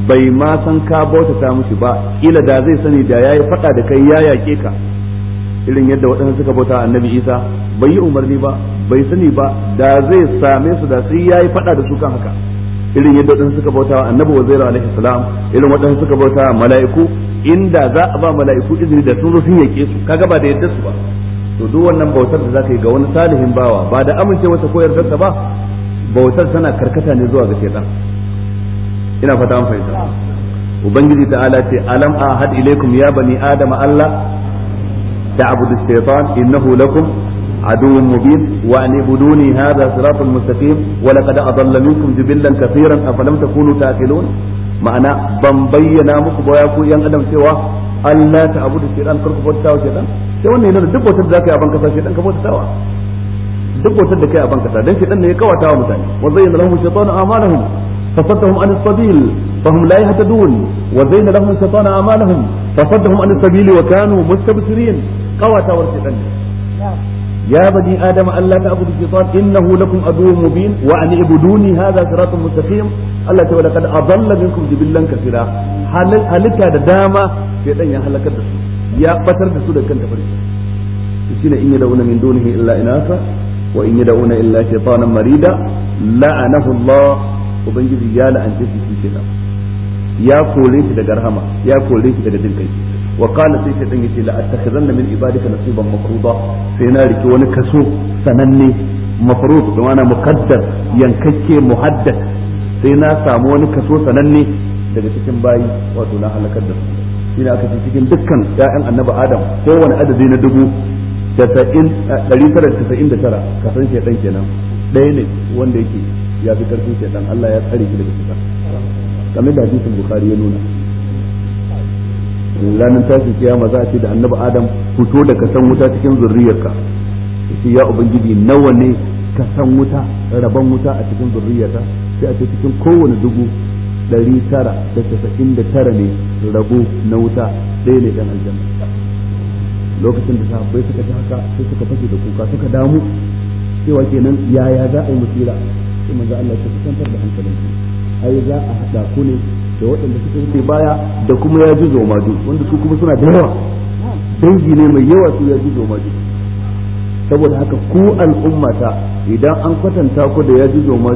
bai ma san ka bautata mushi ba kila da zai sani da yayi faɗa da kai ya yake ka irin yadda waɗansu suka bauta annabi isa bai yi umarni ba bai sani ba da zai same su da sai yayi faɗa da su kan haka irin yadda waɗansu suka bauta annabi wa zaira alaihi salam irin waɗansu suka bauta mala'iku inda za a ba mala'iku izini da sun zo sun yake su kaga ba da yadda su ba to duk wannan bautar da zaka yi ga wani salihin bawa ba da amincewarsa ko yardarsa ba bautar tana karkata ne zuwa ga shaytan ina fata an fahimta ubangiji ta'ala ce alam ahad ilaikum ya bani adama allah ta'budu shaytan innahu lakum عدو مبين وأن اعبدوني هذا صراط مستقيم ولقد أضل منكم جبلا كثيرا أفلم تكونوا تأكلون ma'ana ban bayyana muku ba ku yan adam cewa Allah ta abu da shedan karku bauta wa shedan sai wannan yana duk bautar da zaka yi a banka sai shedan ka bauta wa duk bautar da kai a banka ta dan shedan ne ya kawata wa mutane wa zayyana lahum shaytanu a'malahum fasaddahum an as-sabil fahum la yahtadun wa zayyana lahum shaytanu a'malahum fasaddahum an as-sabil wa kanu mustabsirin kawata wa wa in yad'una illa shaytanan marida la'anahu Allah ubangiji ya la'anta shi kenan ya kore shi daga rahama ya kore shi daga jin kai wa qala sai shaytan yace la attakhizanna min ibadika nasiban mafruḍa sai na riki wani kaso sananne mafruḍ da ma'ana muqaddar yankakke muhaddad sai na samu wani kaso sananne daga cikin bayi wato na halakar da su shine aka cikin dukkan ya'yan annabi adam kowane adadi na dubu 999 kasan shedan kenan ɗaya ne wanda yake ya fi karfin shedan Allah ya tsare shi daga fita kamar da hadisin bukari ya nuna ranar tashin kiyama za a ce da annabi adam fito da kasan wuta cikin zurriyarka ce ya ubangiji nawa ne kasan wuta rabon wuta a cikin zurriyarta sai a ce cikin kowane dubu ɗari tara da tasa'in da tara ne rabo na wuta ɗaya ne dan aljanna lokacin da sahabbai suka ji haka sai suka fashe da kuka suka damu cewa kenan yaya za a yi musira sai manzo Allah ya kusantar da hankalin ku ai za a hada ku ne da waɗanda suka wuce baya da kuma ya ji zoma wanda su kuma suna da yawa dangi ne mai yawa su ya ji zoma saboda haka ku al'ummata idan an kwatanta ku da ya ji zoma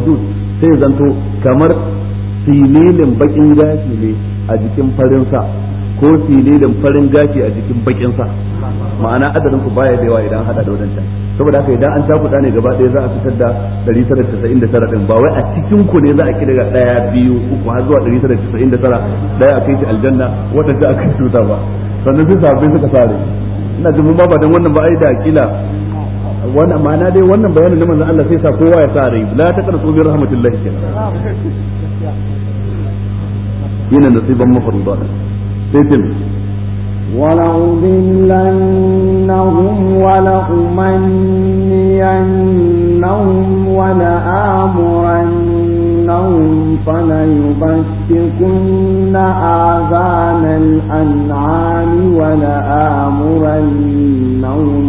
sai zanto kamar sililin bakin gashi ne a jikin farin sa ko sililin farin gashi a jikin bakin sa ma'ana adadin ku baya da yawa idan hada da wadanta saboda haka idan an takuta ne gaba ɗaya za a fitar da 999 din ba wai a cikin ku ne za a kira daya biyu uku har zuwa 999 daya a kai shi aljanna wata ta aka tuta ba sannan sai sabbin suka sare ina jin mun ba dan wannan ba ai da kila wannan ma'ana dai wannan bayanin na manzon Allah sai sa kowa ya sare la taqnatu bi rahmatillahi kenan yana nasiban mafruḍa sai ولأضلنهم ولأمنينهم ولآمرنهم فليبتكن آذان الأنعام ولآمرنهم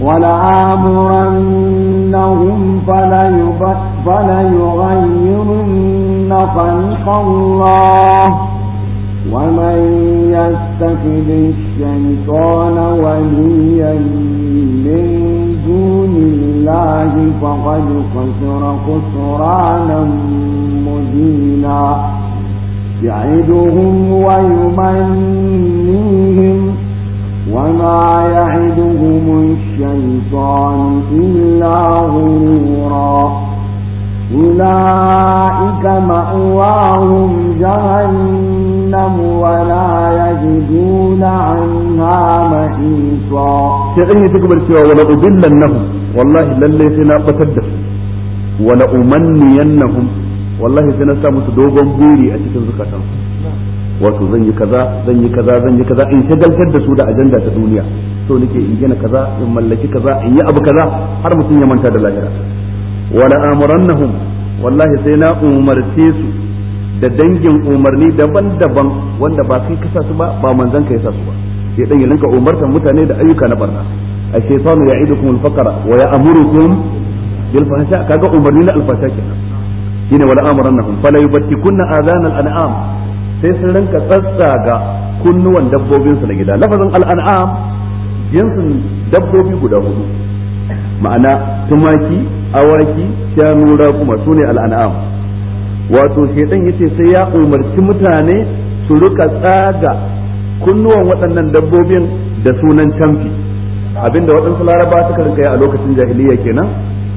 ولآمرنهم فليغيرن خلق الله ومن يتخذ الشيطان وليا من دون الله فقد خسر خسرانا مبينا يعدهم ويمنيهم وما يعدهم الشيطان إلا غرورا أولئك مأواهم جهنم جهنم ولا يجدون عنها محيصا شيخين يتكبر سوى ولا والله للي سنا قتدف ولا والله سنا سامس دوغم بيري أتكن زكاة wato zan yi kaza zan yi kaza zan yi kaza in shagaltar da su da ajanda ta duniya so nake in gina kaza in mallaki kaza in yi abu kaza har mutum ya manta da lahira wala amurannahum wallahi sai na umarce su da dangin umarni daban-daban wanda ba kai kasa su ba ba manzon ka yasa su ba Ya dan yinka umarta mutane da ayyuka na barna a shaytanu ya'idukum al-faqra wa ya'murukum bil fahsha kaga umarni na al-fahsha kenan shine wala amrannahum fala yubtikunna adhan al-an'am sai sun rinka ga kunnuwan dabbobin su na gida lafazin al-an'am jinsin dabbobi guda hudu ma'ana tumaki awaki shanu raƙuma sune al-an'am wato shedan yace sai ya umarci mutane su rika tsaga kunnuwan waɗannan dabbobin da sunan tamfi abinda waɗansu laraba suka rika yi a lokacin jahiliya kenan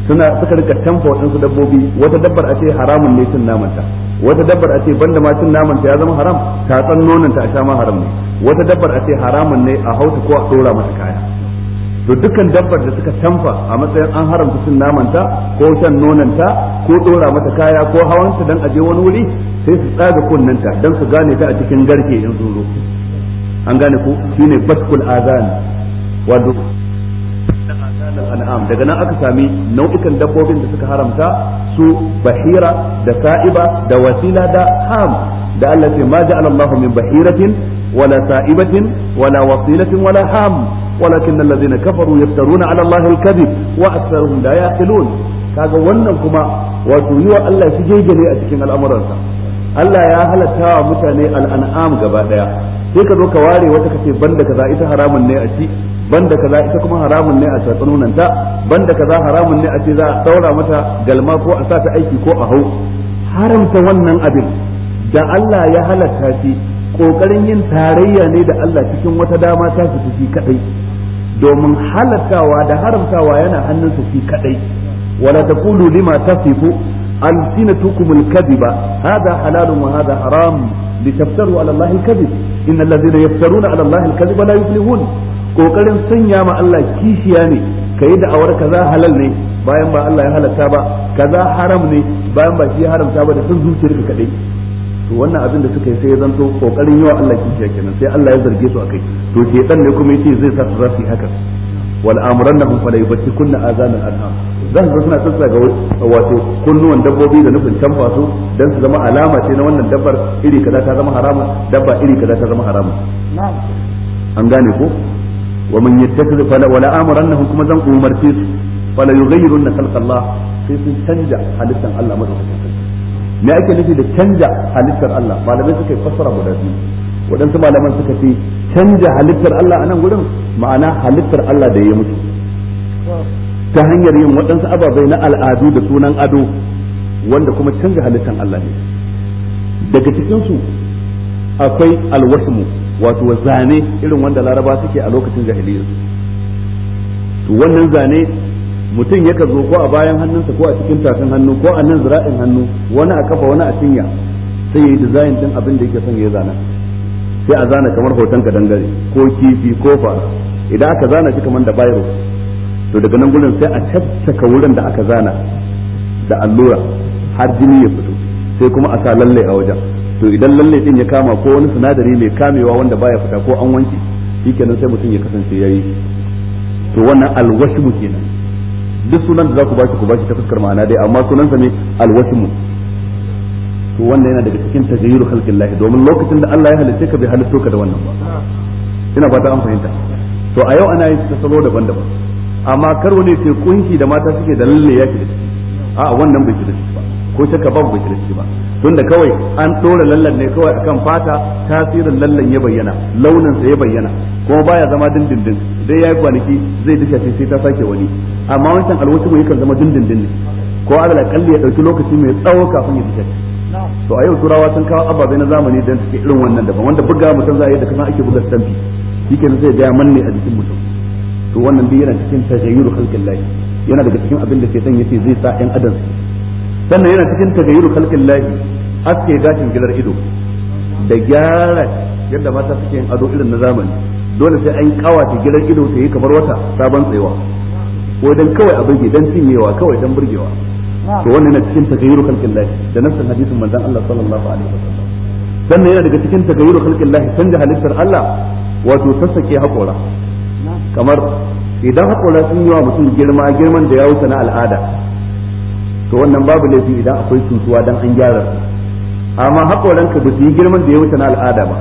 suna suka rika tamfa waɗansu dabbobi wata dabbar a ce haramun ne cin namanta wata dabbar a ce banda ma cin namanta ya zama haram ta san nonanta a sha ma haram ne wata dabbar a ce haramun ne a hauta ko a ɗora mata kaya to dukkan dabbar da suka tamfa a matsayin an haramta sun namanta ko shan nonanta ko dora mata kaya ko hawanta dan aje wani wuri sai su tsaga kunnanta dan su gane ta a cikin garke in sun an gane ku shine batkul azan wato al'am daga nan aka sami nau'ikan dabbobin da suka haramta su bahira da sa'iba da wasila da ham da Allah ce ma ja'alallahu min bahiratin wala sa'ibatin wala wasilatin wala ham walakin allazina kafaru yaftaruna ala allahi alkadhib wa aktharuhum la kaga wannan kuma wato yiwa Allah shi ne a cikin al'amuransa Allah ya halatta wa mutane al'an'am gaba daya sai ka zo ka ware wata kace banda kaza ita haramun ne a ci banda kaza ita kuma haramun ne a tsatsunan ta banda kaza haramun ne a ci, za a daura mata galma ko a sa ta aiki ko a hau haramta wannan abin da Allah ya halatta shi kokarin yin tarayya ne da Allah cikin wata dama ta fita shi kadai domin halattawa da haramtawa yana hannunsa shi kadai wala taqulu lima tasifu ألسنتكم الكذب هذا حلال وهذا حرام لتفتروا على الله الكذب إن الذين يفترون على الله الكذب لا يفلحون kokarin sanya ma Allah kishiya ne ka yi awar kaza halal ne bayan ba Allah ya halatta ba kaza haram ne bayan ba shi haramta ba da sun zuciyar ka kadai to wannan abin da suka yi sai ya zanto kokarin yawa Allah kishiya kenan sai Allah ya zarge su akai to shedan ne kuma yace zai sa su za su yi haka wal amrannahum fala yubtikunna azan al anam zan ga suna tsatsa ga wato kunnuwan dabbobi da nufin canfa su dan su zama alama ce na wannan dabbar iri kaza ta zama haramun dabba iri kaza ta zama haramun an gane ko wa man yattakhidhu fala wala amrannahum kuma zan umarce su fala yughayyirunna khalqa Allah sai sun canja halittan Allah madaukakin sarki me ake nufi da canja halittar Allah malamai suka fassara guda biyu waɗansu malaman suka ce canja halittar Allah a nan gurin ma'ana halittar Allah da ya mutu ta hanyar yin waɗansu ababai na al'adu da sunan ado wanda kuma canja halittar Allah ne daga cikinsu akwai alwasmu wato zane irin wanda laraba suke a lokacin jahiliyyar wannan zane mutum yaka zo ko a bayan hannunsa ko a cikin tafin hannu ko a nan zira'in hannu wani a kafa wani a cinya sai yayi design din abin da yake son ya zana sai a zana kamar hoton ka dangare ko kifi ko fara idan aka zana shi kamar da bayro to daga nan gurin sai a tattaka wurin da aka zana da allura har jini ya fito sai kuma a sa lalle a wajen to idan lalle din ya kama ko wani sinadari mai kamewa wanda baya fita ko an wanke shikenan sai mutum ya kasance yayi to wannan alwashmu kenan duk sunan da za ku bashi ku bashi ta fuskar ma'ana dai amma sunan sa ne alwasmu to wannan yana daga cikin tagayyuru khalqillahi domin lokacin da Allah ya halitta ka bai halitto ka da wannan ba ina fata an fahimta to a yau ana yin ta salo daban-daban amma kar wani sai kunshi da mata suke da lalle yake da ciki a'a wannan bai da ciki ba ko shakka ba bai shirki ba tunda kawai an dora lallan ne kawai akan fata tasirin lallan ya bayyana launin sa ya bayyana kuma baya zama dindindin dai yayi kwanaki zai dace sai sai ta sake wani amma wancan alwashi mu yakan zama dindindin ne ko alal kalli ya dauki lokaci mai tsawo kafin ya dace to a yau turawa sun kawo ababai na zamani dan suke irin wannan daban wanda buga mutum za a yi da kasan ake buga stampi shikenan zai ga manne a jikin mutum to wannan bi yana cikin tajayyur khalqillah yana daga cikin abin da ya yace zai sa ɗan adam sannan yana cikin tagayyuru khalqin lahi aske gashin gilar ido da gyara yadda mata suke yin ado irin na zamani dole sai an kawata gilar ido ta yi kamar wata sabon tsayawa ko dan kawai a burge dan cinyewa kawai dan burgewa to wannan yana cikin tagayyuru khalqin lahi da nassan hadisin manzon Allah sallallahu alaihi wasallam sannan yana daga cikin tagayyuru khalqin lahi canja halittar Allah wato sassake hakora kamar idan hakora sun yi wa mutum girma girman da ya wuce na al'ada to wannan babu laifi idan akwai tutuwa dan an gyara amma hakoranka ba su yi girman da ya wuce na al'ada ba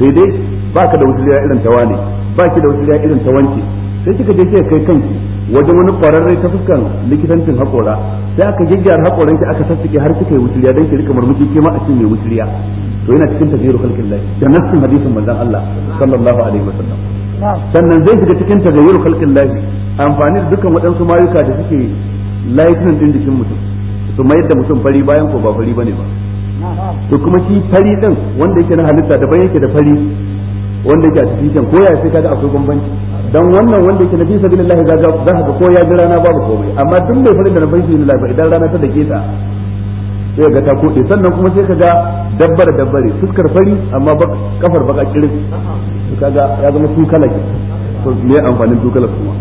sai dai baka da wutuliya irin ta wane ba ki da wutuliya irin ta wanke sai kika je kai kanki wajen wani kwararre ta fuskan likitancin hakora sai aka gyaggyara hakoran ki aka sassake har kika yi wutuliya dan ki rika murmushi ke ma a cikin mai wutuliya to yana cikin tafsirul khalqillah da nassin hadisin manzon Allah sallallahu alaihi wasallam sannan zai shiga cikin tagayyur khalqin lahi amfani da dukkan waɗansu mayuka da suke laifin din jikin mutum su mai da mutum fari bayan ko ba fari bane ba to kuma shi fari din wanda yake na halitta daban yake da fari wanda yake a cikin ko ya sai kaga akwai bambanci dan wannan wanda yake na fi ga za ka ga ko ya bi rana babu komai amma duk mai farin da na bashi lillahi ba idan rana ta dake ta sai ga ta kode sannan kuma sai ka ga dabbar dabbare fuskar fari amma kafar baka kirin kaga ya zama tukala to me amfanin tukala kuma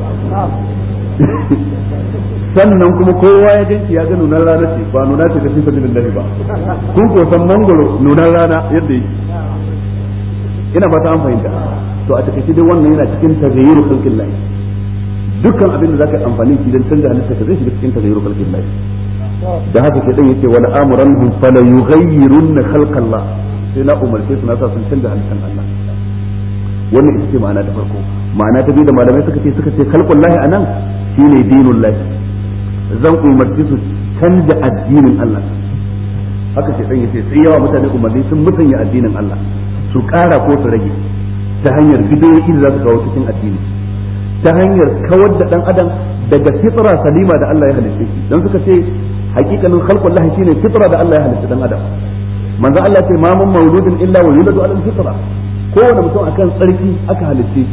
sannan kuma kowa ya ganki ya ga nunar rana ce ba nuna ce ta fi sabilillahi ba kun ko san mangoro nunar rana yadda yake ina ba ta an fahimta to a takaice dai wannan yana cikin tagayyuru khalqin lahi dukkan abin da zaka yi amfani shi dan canza halitta ka zai shiga cikin tagayyuru khalqin lahi da haka sai dan yace wala amuranhum fala yughayyirunna khalqallah sai na umarce su na sa sun canza halittan Allah wannan ita ce ma'ana da farko ma'ana ta biyu da malamai suka ce suka ce khalqul lahi anan shine dinun lahi zan umarci su canza addinin Allah haka ce dan yace sai yawa mutane umarni sun musanya addinin Allah su ƙara ko su rage ta hanyar bidiyoyi da za su kawo cikin addini ta hanyar kawar da dan adam daga fitra salima da Allah ya halitta shi dan suka ce hakikanin khalqul lahi shine fitra da Allah ya halitta dan adam manzo Allah ce ma mun mauludin illa wa yuladu ala fitra kowane mutum akan tsarki aka halitta shi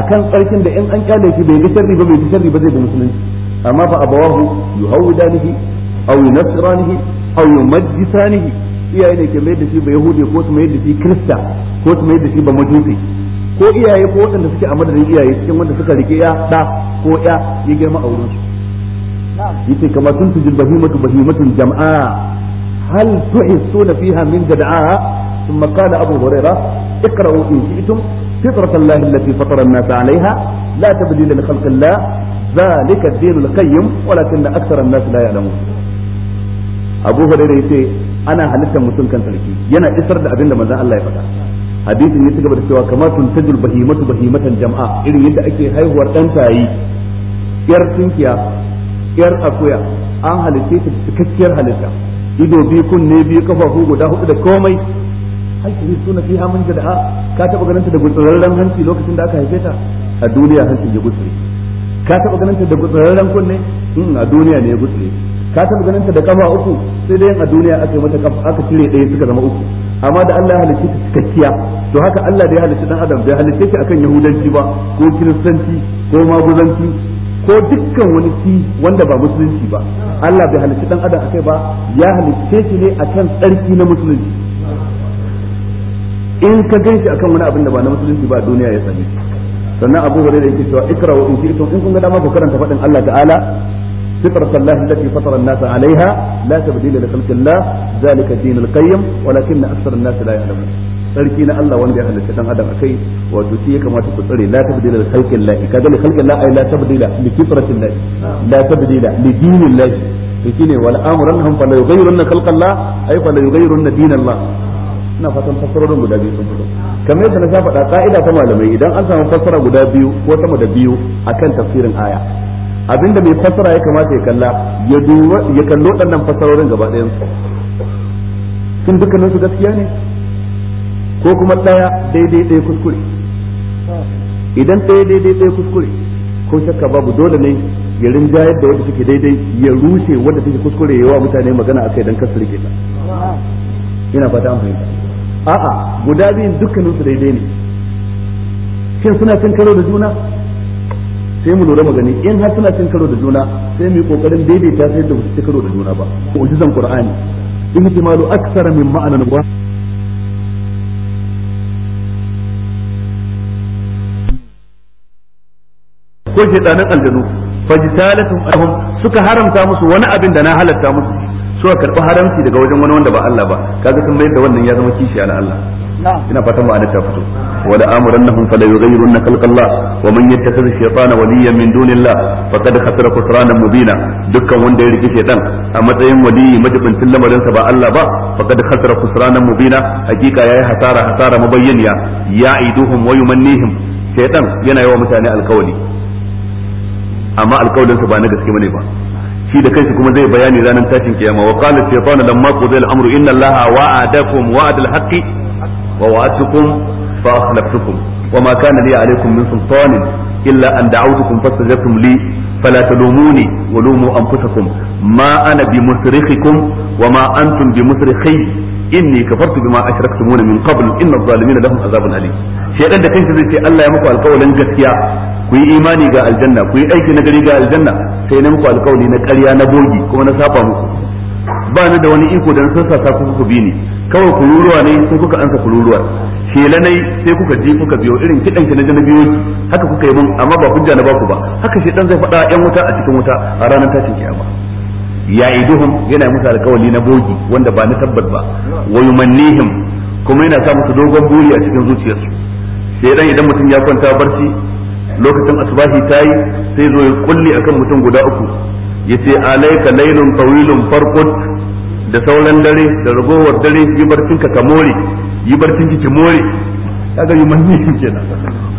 akan tsarkin da in an kyale shi bai ga sharri ba bai ga sharri ba zai ga musulunci أما فأبواه يهودانه أو ينصرانه أو يمجسانه iyaye ne ke mai da shi ba yahudi ko su mai da shi krista ko su ko iyaye ko wanda suke a madadin iyaye cikin wanda suka rike ya da ko ya ya girma a wurin su yace kama tun sun tujil bahimatu bahimatun jama'a hal tuhissuna fiha min jad'a thumma qala abu hurairah اقرأوا in شئتم fitratallahi allati fatara an-nasa 'alayha la tabdila li khalqillah zalika dinul qayyim walakin aktharan nas la ya'lamun Abu Hurairah yace ana halittar mutum kan sarki yana isar da abinda da Allah ya faɗa hadisin ya ci da cewa kamar tuntajul bahimatu bahimatan jama'a irin yadda ake haihuwar dan tayi yar tunkiya yar akuya an halitta ta cikakkiyar halitta ido biyu kunne biyu kafafu guda hudu da komai ne suna fi hamun da ka taba ganin ta da gutsurarren hanci lokacin da aka haife ta a duniya hancin ya gutsure ka taba ganin ta da gutsararren kunne in a duniya ne ya gutsure ka taba ganin ta da kafa uku sai dai a duniya aka mata kafa aka cire ɗaya suka zama uku amma da Allah ya halicce ta cikakkiya to haka Allah da ya halicce dan adam bai halicce ki akan yahudanci ba ko kiristanci ko maguzanci ko dukkan wani ci wanda ba musulunci ba Allah bai halicce dan adam akai ba ya halicce ki ne akan tsarki na musulunci in ka ganshi akan wani abin da ba na musulunci ba duniya ya same sannan abu hurairah yake cewa ikra wa in in kun ga dama ku karanta fadin Allah ta'ala فطرة الله التي فطر sarki na Allah wanda ya halitta dan adam akai wato shi ya kamata ku tsare la tabdila li khalqin li la tabdila li fitratin la tabdila li to shine wal ay ina fatan fasarorin guda biyu sun fito kamar yadda na ga faɗa ka'ida ta malamai idan an samu fassara guda biyu ko sama da biyu akan tafsirin aya abinda mai fassara ya kamata ya kalla ya duba ya kallo ɗannan fassarorin gaba ɗayan su sun dukkanin su gaskiya ne ko kuma ɗaya daidai ɗaya kuskure idan ɗaya daidai ɗaya kuskure ko shakka babu dole ne ya rinjayar da wanda suke daidai ya rushe wanda take kuskure wa mutane magana akai dan kasar ta ina fata an fahimta a'a guda biyun dukkanin su daidai ne shin suna cin karo da juna sai mu lura magani in har suna cin karo da juna sai mu yi kokarin daidaita sai da su karo da juna ba Ko ujizan qur'ani malu aksara min ma'ana wa ko danan aljanu fajtalatum ahum suka haramta musu wani abin da na halatta musu a karɓi haramci daga wajen wani wanda ba Allah ba kaga sun bayar da wannan ya zama kishi ala Allah ina fatan ma'ana ta fito wa da amurannahum fala yughayyirunna khalqallah wa man yattakhidh shaytana waliyan min dunillah faqad khasara khusranan mubina dukkan wanda ya rike shaytan a matsayin waliyi majibincin lamarin sa ba Allah ba faqad khasara khusranan mubina hakika yayi hasara hasara mabayyaniya ya'iduhum wa yumannihim shaytan yana yawa mutane alkawali amma alkawalin sa ba na gaske bane ba shi da kanshi kuma zai bayani ranar tashin kiyama wa qala shaytan lamma qada al-amru inna allaha wa'adakum wa'd al-haqqi wa wa'adtukum fa akhlaftukum wa ma kana li alaykum min sultanin illa an da'awtukum fastajabtum li inni kafartu bima min qabl inna adh-dhalimina lahum alim da kanshi zai ce Allah ya muku alƙawarin gaskiya ku yi imani ga aljanna ku yi aiki na gari ga aljanna sai na muku alkawali na ƙarya na bogi kuma na saba muku ba ni da wani iko dan sa ku ku bi ni kawai kururuwa ne sai kuka ansa kururuwa shela nai sai kuka ji kuka biyo irin kidan ki na biyo haka kuka yi mun amma ba hujja na baku ba haka shi dan zai faɗa yan wuta a cikin wuta a ranar tashin kiyama ya iduhum yana musu alkawali na bogi wanda ba ni tabbat ba wayumannihim kuma yana sa musu dogon buri a cikin zuciyarsu sai dan idan mutum ya kwanta barci lokacin ta tayi sai zo ya kulli akan mutum guda uku ya a alayka lailun tawilun farkon da sauran dare da ragowar dare yi barcin ka kamore yi barcin ki more kaga yi manni kenan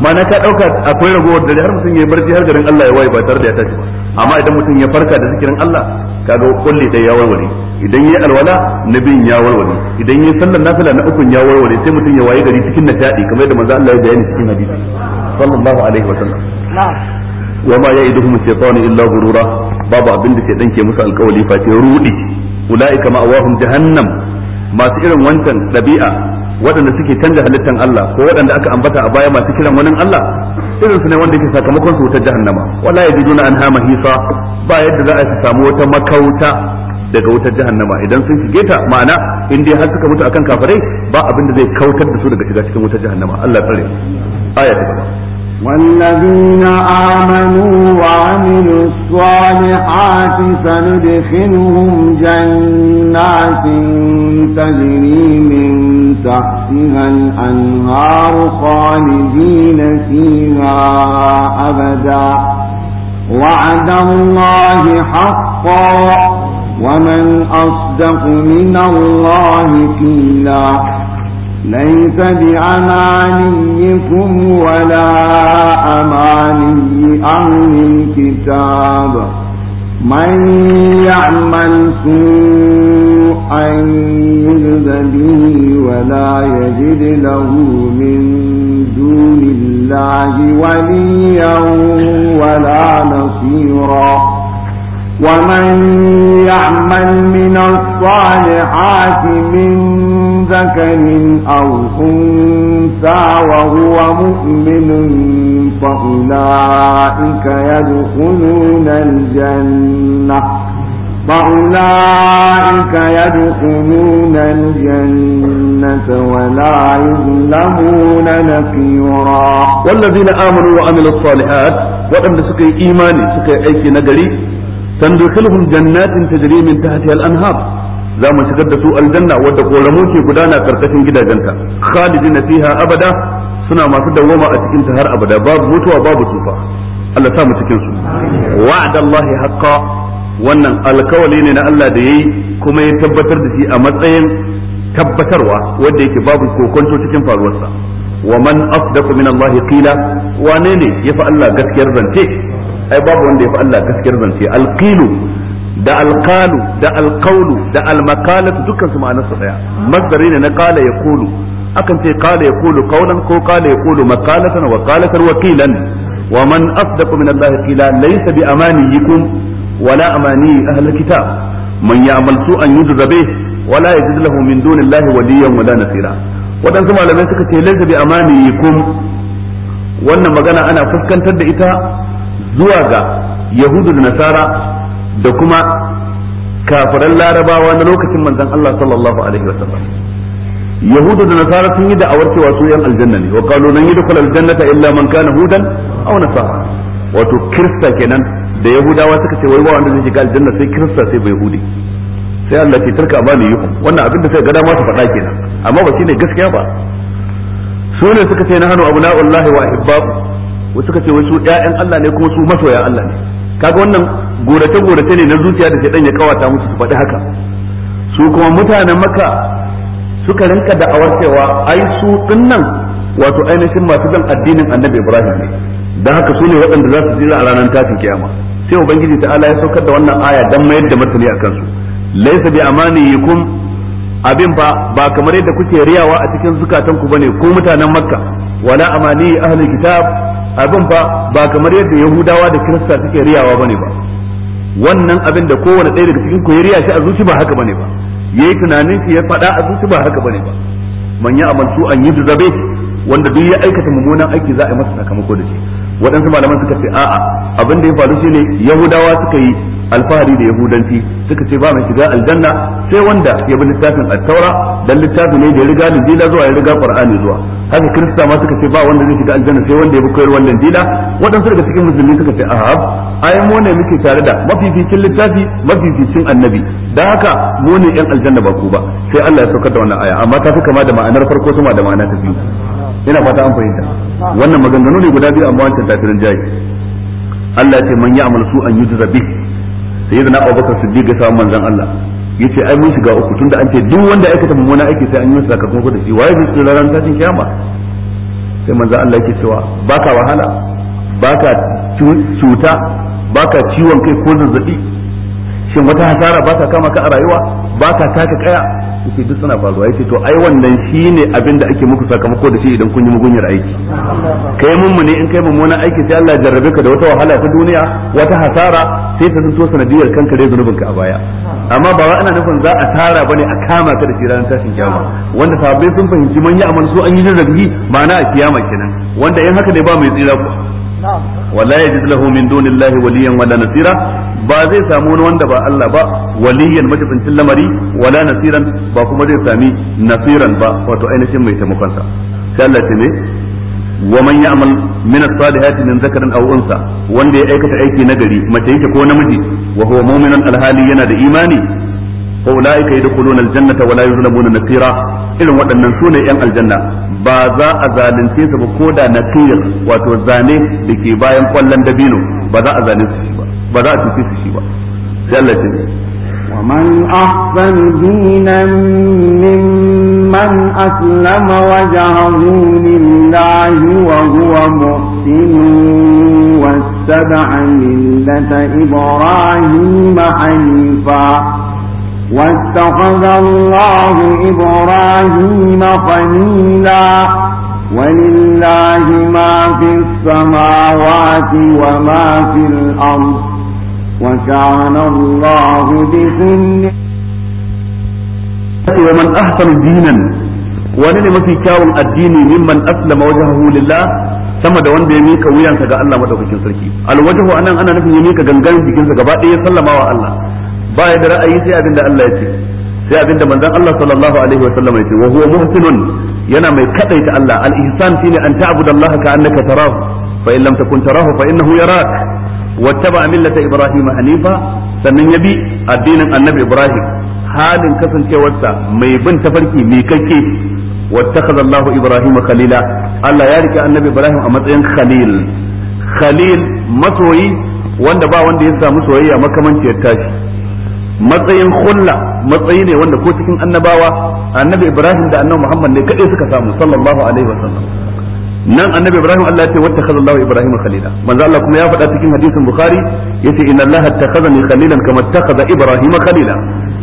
ma'ana ka dauka akwai ragowar dare har mutum yayi barci har garin Allah ya waye ba tare da ya tashi ba amma idan mutum ya farka da zikirin Allah kaga kulli dai ya warware idan yayi alwala na biyun ya warware idan yayi sallar nafila na ukun ya warware sai mutum ya waye gari cikin nishadi kamar yadda manzo Allah ya bayani cikin hadisi sallallahu alaihi wa sallam wa ma ya'iduhum shaytanu illa ghurura babu abin da ke danke musu alkawali fa ce rudi ulaika ma'awahum jahannam masu irin wancan dabi'a waɗanda suke canza halittan Allah ko waɗanda aka ambata a baya masu kiran wani Allah irin su ne wanda ke sakamakon su wutar jahannama wala yajiduna hama mahisa ba yadda za a su samu wata makauta daga wutar jahannama idan sun shige ta ma'ana in dai har suka mutu akan kafirai ba abin da zai kautar da su daga shiga cikin wutar jahannama Allah tsare aya ta gaba والذين آمنوا وعملوا الصالحات سندخلهم جنات تجري من تحتها الأنهار خالدين فيها أبدا وعد الله حقا ومن أصدق من الله قيلا ليس بأمانيكم ولا أماني أهل الكتاب من يعمل سوءا يجد به ولا يجد له من دون الله وليا ولا نصيرا ومن يعمل من الصالحات من ذكر أو أنثى وهو مؤمن فأولئك يدخلون الجنة فأولئك يدخلون الجنة ولا يظلمون نقيرا والذين آمنوا وعملوا الصالحات وأن سكي إيماني سكي أيكي نقري سندخلهم جنات ta من تحتها الأنهار za mu shigar da su aljanna wadda koramu ke gudana karkashin gidajenta khalidina fiha abada suna masu dawwama a cikin har abada babu mutuwa babu tufa Allah sa mu cikin su wa'adallahi haqqa wannan alkawali ne na Allah da yayi kuma ya tabbatar da shi a matsayin tabbatarwa wanda yake babu kokonto cikin faruwarsa wa man asdaqu min Allah qila wane ne yafi Allah gaskiyar zance ai babu wanda ya fi Allah gaskiyar zance alqilu da alqalu da alqawlu da almakalatu dukkan su ma'anar su daya masdari ne na qala yaqulu akan ce qala yaqulu qawlan ko qala yaqulu makalatan wa qalatan wa wakilan wa man asdaqu min Allah qila laysa bi amaniyikum wala amani ahli kitab man ya'mal su'an yujza bih wala yajid lahu min dunillahi waliyyan wala nasira wadansu malamai suka ce laysa bi amaniyikum wannan magana ana fuskantar da ita zuwa ga yahudu da nasara da kuma kafiran larabawa na lokacin manzon Allah sallallahu alaihi sallam yahudu da nasara sun yi da'awar cewa su yan aljanna ne wa qalu lan yadkhul aljannata illa man kana hudan aw nasara wato kirista kenan da yahudawa suka ce wai ba wanda zai shiga aljanna sai kirista sai bai yahudi sai Allah ke tarka amani yuhum wannan abin da sai ga dama su faɗa kenan amma ba shine gaskiya ba su ne suka ce na hanu wallahi wa ahibba'u wasu ka ce wai su ƴaƴan Allah ne kuma su masoya Allah ne kaga wannan gorace gorace ne na zuciya da shedan ya kawata musu su faɗi haka su kuma mutanen maka suka rinka da'awar cewa ai su dinnan wato ainihin masu zan addinin annabi Ibrahim ne don haka su ne waɗanda za su jira a ranar tafin kiyama sai ubangiji ta'ala ya saukar da wannan aya dan mayar da martani a kansu. laisa bi yikum abin ba ba kamar yadda kuke riyawa a cikin zukatanku bane ko mutanen makka wala amani ahlul kitab abin fa ba kamar yadda yahudawa da kirista suke riyawa bane ba wannan abin da kowane ɗaya daga cikin ku ya riya shi a zuci ba haka bane ba yayi tunanin shi ya faɗa a zuci ba haka bane ba man ya an yi zabe wanda duk ya aikata mummunan aiki za a yi masa sakamako da shi waɗansu malaman suka ce a'a abin da ya faru shine yahudawa suka yi alfahari da yahudanci suka ce ba mai shiga aljanna sai wanda ya bi littafin at-taura dan littafi ne da ya riga Al-dila zuwa ya riga qur'ani zuwa haka kirista ma suka ce ba wanda zai shiga aljanna sai wanda ya bi koyarwar linjila waɗansu daga cikin musulmi suka ce a'a ai mu ne muke tare da mafificin littafi mafificin annabi dan haka mu ne yan aljanna ba ku ba sai Allah ya saukar da wannan aya amma ta fi kama da ma'anar farko sama da ma'ana ta biyu ina fata an fahimta wannan maganganu ne guda biyu amma wancan tafirin jayi Allah ya ce man ya'mal su an yi yujza bih sayyidina Bakar su ya samu manzon Allah yace ai mun shiga uku tunda an ce duk wanda aikata mummuna aiki sai an yi masa sakamakon da shi waye zai tsira ran tashin kiyama sai manzon Allah yake cewa baka wahala baka cuta baka ciwon kai ko zazzabi shin wata hasara ba ta kama ka a rayuwa ba ta taka kaya yace duk suna faruwa yace to ai wannan shine abin da ake muku sakamako da shi idan kun yi mugunyar aiki kai mun ne in kai mummunan aiki sai Allah jarrabe ka da wata wahala ta duniya wata hasara sai ta zanto sanadiyar kanka dai zanubin ka a baya amma ba ana nufin za a tara bane a kama ka da shi ranar tashin kiyama wanda sahabbai sun fahimci man yi amal su an yi jarrabi ma'ana a kiyama kenan wanda in haka ne ba mai tsira ku wala yajid lahu min dunillahi waliyan wala nasira ba zai samu wani wanda ba Allah ba waliyan majibincin lamari wala nasiran ba kuma zai sami nasiran ba wato ainihin mai taimakon sa sai Allah ce ne wa man ya'mal min as-salihati min zakarin aw unsa wanda ya aikata aiki na gari mace yake ko namiji wa huwa mu'minun alhali yana da imani fa ulaika yadkhuluna al wa la yuzlamuna nasira irin waɗannan sune yan aljanna ba za a zalunce su ba koda nakir wato zane da ke bayan kwallon dabino ba za a zalunce su ba ba za a cuce su shi ba sai Allah ce ومن أحسن دينا ممن أسلم وجهه لله وهو محسن واتبع ملة إبراهيم حنيفا واتخذ الله إبراهيم خليلا ولله ما في السماوات وما في الأرض وكان الله بكل ومن أحسن دينا ونني ما في كاول الدين ممن أسلم وجهه لله sama da wanda ya mika wuyansa ga Allah madaukakin sarki alwajhu anan ana nufin ya mika gangan jikinsa gaba ɗaya sallama wa Allah ba ya da ra'ayi sai abinda Allah ya ce sai abinda manzon Allah sallallahu alaihi wa wasallam ya ce wa huwa muhsinun yana mai kadaita Allah al-ihsan shine an ta'budallaha ka annaka tarahu fa in lam takun tarahu fa innahu yarak wattaba millata ibrahim hanifa sannan ya bi addinin annabi ibrahim halin kasancewarsa mai bin tafarki mai kakke wattakhadha allah ibrahim khalila allah ya rike annabi ibrahim a matsayin khalil khalil masoyi wanda ba wanda ya samu soyayya ya tashi matsayin khulla matsayi ne wanda ko cikin annabawa annabi ibrahim da annabi muhammad ne kadai suka samu sallallahu alaihi wasallam nan annabi ibrahim Allah ya ce wattakhadha Allah ibrahim khalila manzo Allah kuma ya faɗa cikin hadisin bukhari yace inna Allah attakhadhani khalilan kama attakhadha ibrahim khalila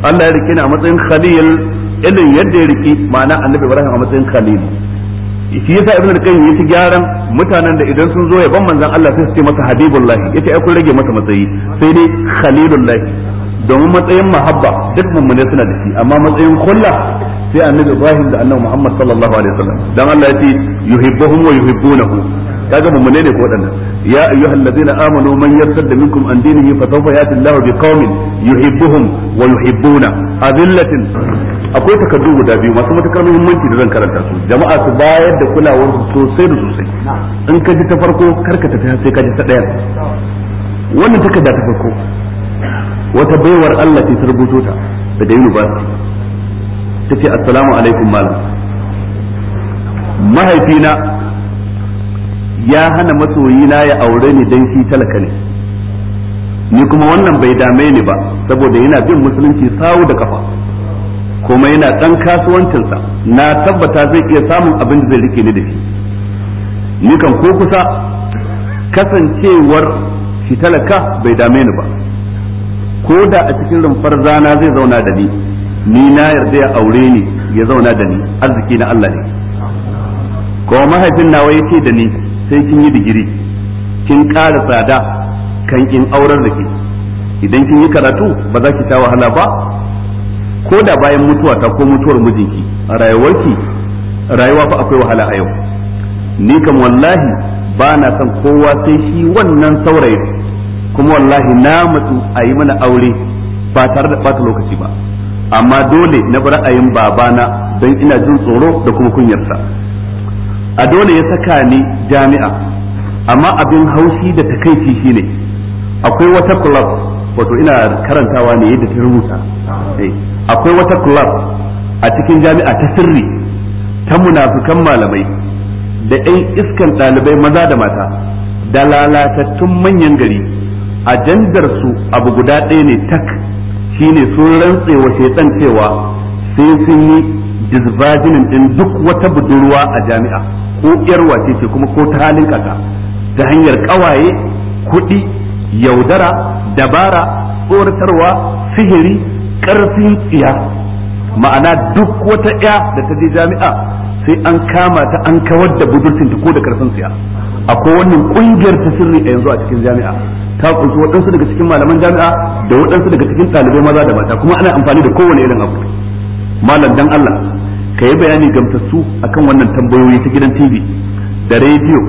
Allah ya rike ni a matsayin khalil idan yadda ya riki ma'ana annabi ibrahim a matsayin khalil shi yasa ibnu al-qayyim yace gyaran mutanen da idan sun zo ban manzon Allah sai su ce masa habibullahi yace ai kun rage masa matsayi sai dai khalilullahi domin matsayin mahabba duk mummune suna da shi amma matsayin kulla sai annabi Ibrahim da annabi Muhammad sallallahu alaihi wasallam dan Allah ya ce yuhibbuhum wa yuhibbunahu kaga mummune ne ko wadannan ya ayyuhallazina amanu man yartadda minkum an dinihi fa sawfa yati Allahu biqaumin yuhibbuhum wa yuhibbuna adillatin akwai takardu guda biyu masu matukar muhimmanci da zan karanta su jama'a su bayar da kulawar su sosai da sosai in ka ji ta farko karka tafi sai ka ji ta daya wannan takarda ta farko wata baiwar Allah ce ta rubuto ta daga university ta ce assalamu alaikum malam mahaifina ya hana masoyina ya aure ni dan shi talaka ne ni kuma wannan bai dame ni ba saboda yana bin musulunci sawu da kafa kuma yana dan kasuwancinsa na tabbata zai iya samun abin da zai rike ni da shi ni kan ko kusa kasancewar shi talaka bai dame ni ba ko da a cikin rumfar zana zai zauna da ni ni na yarda ya aure ni ya zauna da ni arziki na Allah ne ko mahaifin nawa yake da ni sai kin yi digiri kin ƙara tsada kan kin aurar da ke idan kin yi karatu ba za ki ta wahala ba ko da bayan mutuwa ta ko mutuwar mijinki a rayuwarki rayuwa fa akwai wahala a yau ni kam wallahi ba na son kowa sai shi wannan saurayi kuma wallahi na mutu a yi mana aure ba tare da bata lokaci ba amma dole na bar ra'ayin babana don ina jin tsoro da kuma kunyarsa a dole ya saka ni jami'a amma abin haushi da takaici shine akwai wata club wato ina karantawa ne yadda ta rubuta eh, akwai wata club a cikin jami'a ta sirri ta munafukan malamai da 'yan iskan ɗalibai maza da mata da lalatattun manyan gari ajandar su abu guda ɗaya ne tak shine sun rantse wa shaitan cewa sai sun yi dizbajinin din duk wata budurwa a jami'a ko yar wace ce kuma ko ta halin ƙasa. ta hanyar ƙawaye, kuɗi yaudara dabara tsoratarwa sihiri ƙarfin tsiya ma'ana duk wata ya da ta je jami'a sai an kama ta an kawar da budurcin ta ko da karfin siya akwai wannan kungiyar ta sirri a yanzu a cikin jami'a ta kunshi waɗansu daga cikin malaman jami'a da waɗansu daga cikin ɗalibai maza da mata kuma ana amfani da kowane irin abu malam dan Allah ka yi bayani gamsassu akan wannan tambayoyi ta gidan TV da rediyo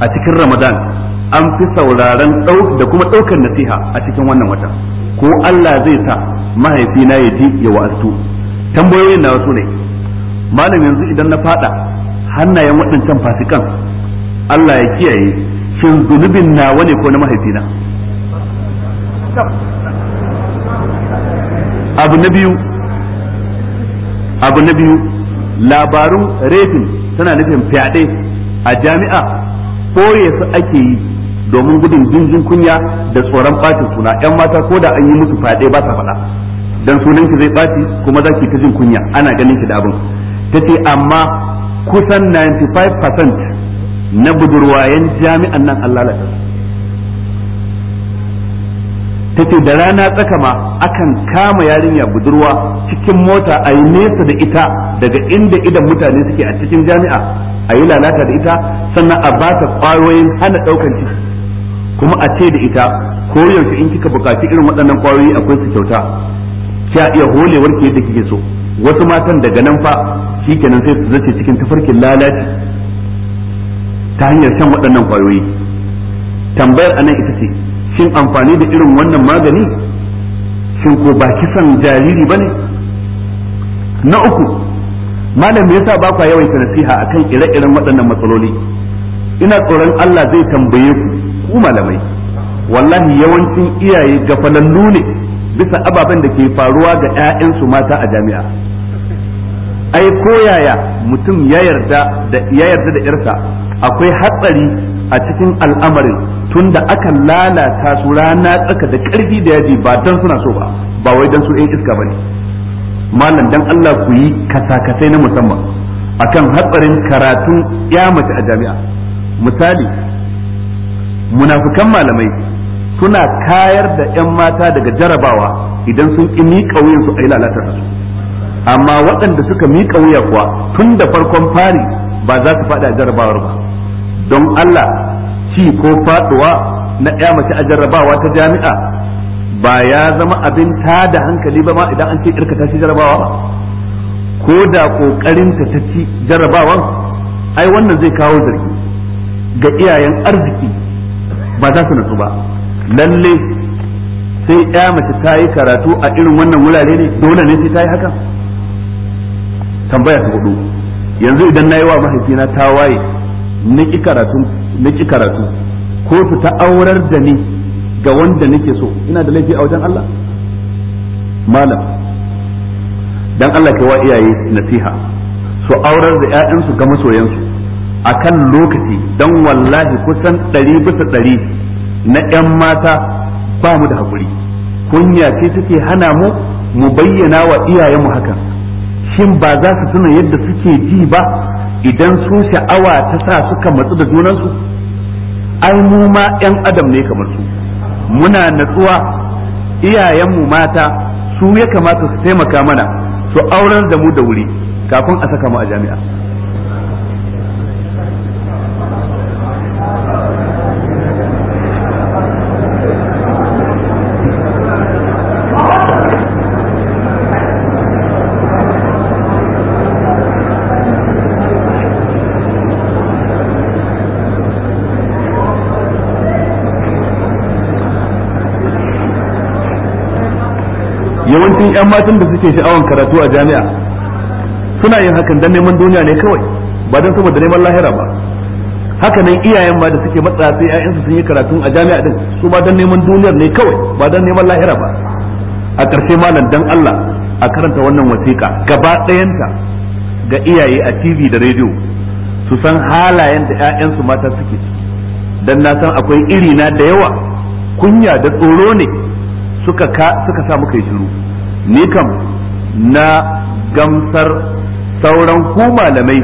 a cikin Ramadan an fi sauraron da kuma ɗaukar nasiha a cikin wannan wata ko Allah zai sa mahaifina ya ji ya wa'astu tambayoyin na wasu ne malam yanzu idan na fada hannayen waɗancan fasikan Allah ya kiyaye shin zunubin nawa ne ko na mahaifina abu na biyu abu na biyu labarun rafin tana nufin fyaɗe a jami'a ɓoye su ake yi domin gudun jinjin kunya da tsoron ɓacin suna 'yan mata ko da an yi musu fyaɗe ba sa faɗa dan sunanki zai ɓaci kuma za ki ta jin kunya ana ganin ki da abin tace amma kusan 95% na budurwayen jami'an nan Allah ta ce da rana tsakama akan kama yarinya budurwa cikin mota a yi nesa da ita daga inda idan mutane suke a cikin jami'a a yi lalata da ita sannan a ba ta kwayoyin hana ɗaukan ciki kuma a ce da ita ko yaushe in kika bukaci irin waɗannan kwayoyi akwai su kyauta kya iya holewar ke da kike so wasu matan daga nan fa kenan sai su zace cikin tafarkin lalaci ta hanyar shan waɗannan kwayoyi tambayar anan ita ce shin amfani da irin wannan magani shin ko ba kisan jariri ne. na uku malam me yasa ba kwa yawaita nasiha akan ire-iren waɗannan matsaloli ina tsoron Allah zai tambaye ku ku malamai wallahi yawancin iyaye gafalallu ne bisa ababen da ke faruwa ga 'ya'yansu mata a jami'a ai koyaya mutum ya yarda da ya yarda da irsa akwai hatsari a cikin al'amarin tunda aka lalata su rana tsaka da karfi da yaji ba dan suna so ba ba wai dan su ɗan iska bane malam dan Allah ku yi kasakasai na musamman akan hatsarin karatun ya mace a jami'a misali munafukan malamai suna kayar da 'yan mata daga jarabawa idan sun ƙi miƙa su a yi lalatar su amma waɗanda suka miƙa wuya kuwa tun da farkon fari ba za su faɗi a jarrabawar ba don Allah ci ko faɗuwa na ɗaya mace a jarrabawa ta jami'a ba ya zama abin ta da hankali ba ma idan an ce irka ta ci jarrabawa ba ko da ƙoƙarinta ta ci jarrabawan ai wannan zai kawo zargi ga iyayen arziki ba za su nutsu ba lalle sai ya mace ta yi karatu a irin wannan wurare ne dole ne sai ta yi haka tambaya ta hudu yanzu idan na yi wa mahaifina tawaye waye karatu ko karatu ta aurar da ni ga wanda nake so ina da laifi a wajen Allah malam dan Allah ke wa iyaye nasiha su aurar da 'ya'yansu ga masoyansu a kan lokaci dan wallahi kusan ɗari bisa ɗari na 'yan mata ba mu da haƙuri, kunya ce take hana mu mu bayyana wa iyayenmu hakan shin ba za su tuna yadda suke ji ba idan su sha'awa ta sa suka matsu da junansu ai mu ma 'yan adam ne kamar su muna natsuwa iyayenmu mata su ya kamata su taimaka mana su aurar da mu da wuri kafin a saka mu a jami'a yan matan da suke sha'awan karatu a jami'a suna yin hakan dan neman duniya ne kawai ba dan saboda neman lahira ba haka nan iyayen ma da suke matsa sai ƴaƴansu sun yi karatu a jami'a din su ba dan neman duniyar ne kawai ba dan neman lahira ba a ƙarshe malam dan Allah a karanta wannan wasiƙa gaba ɗayanta ga iyaye a TV da rediyo su san halayen da ƴaƴansu mata suke dan na san akwai irina da yawa kunya da tsoro ne suka suka sa muka yi shiru ni kam na gamsar sauran ku malamai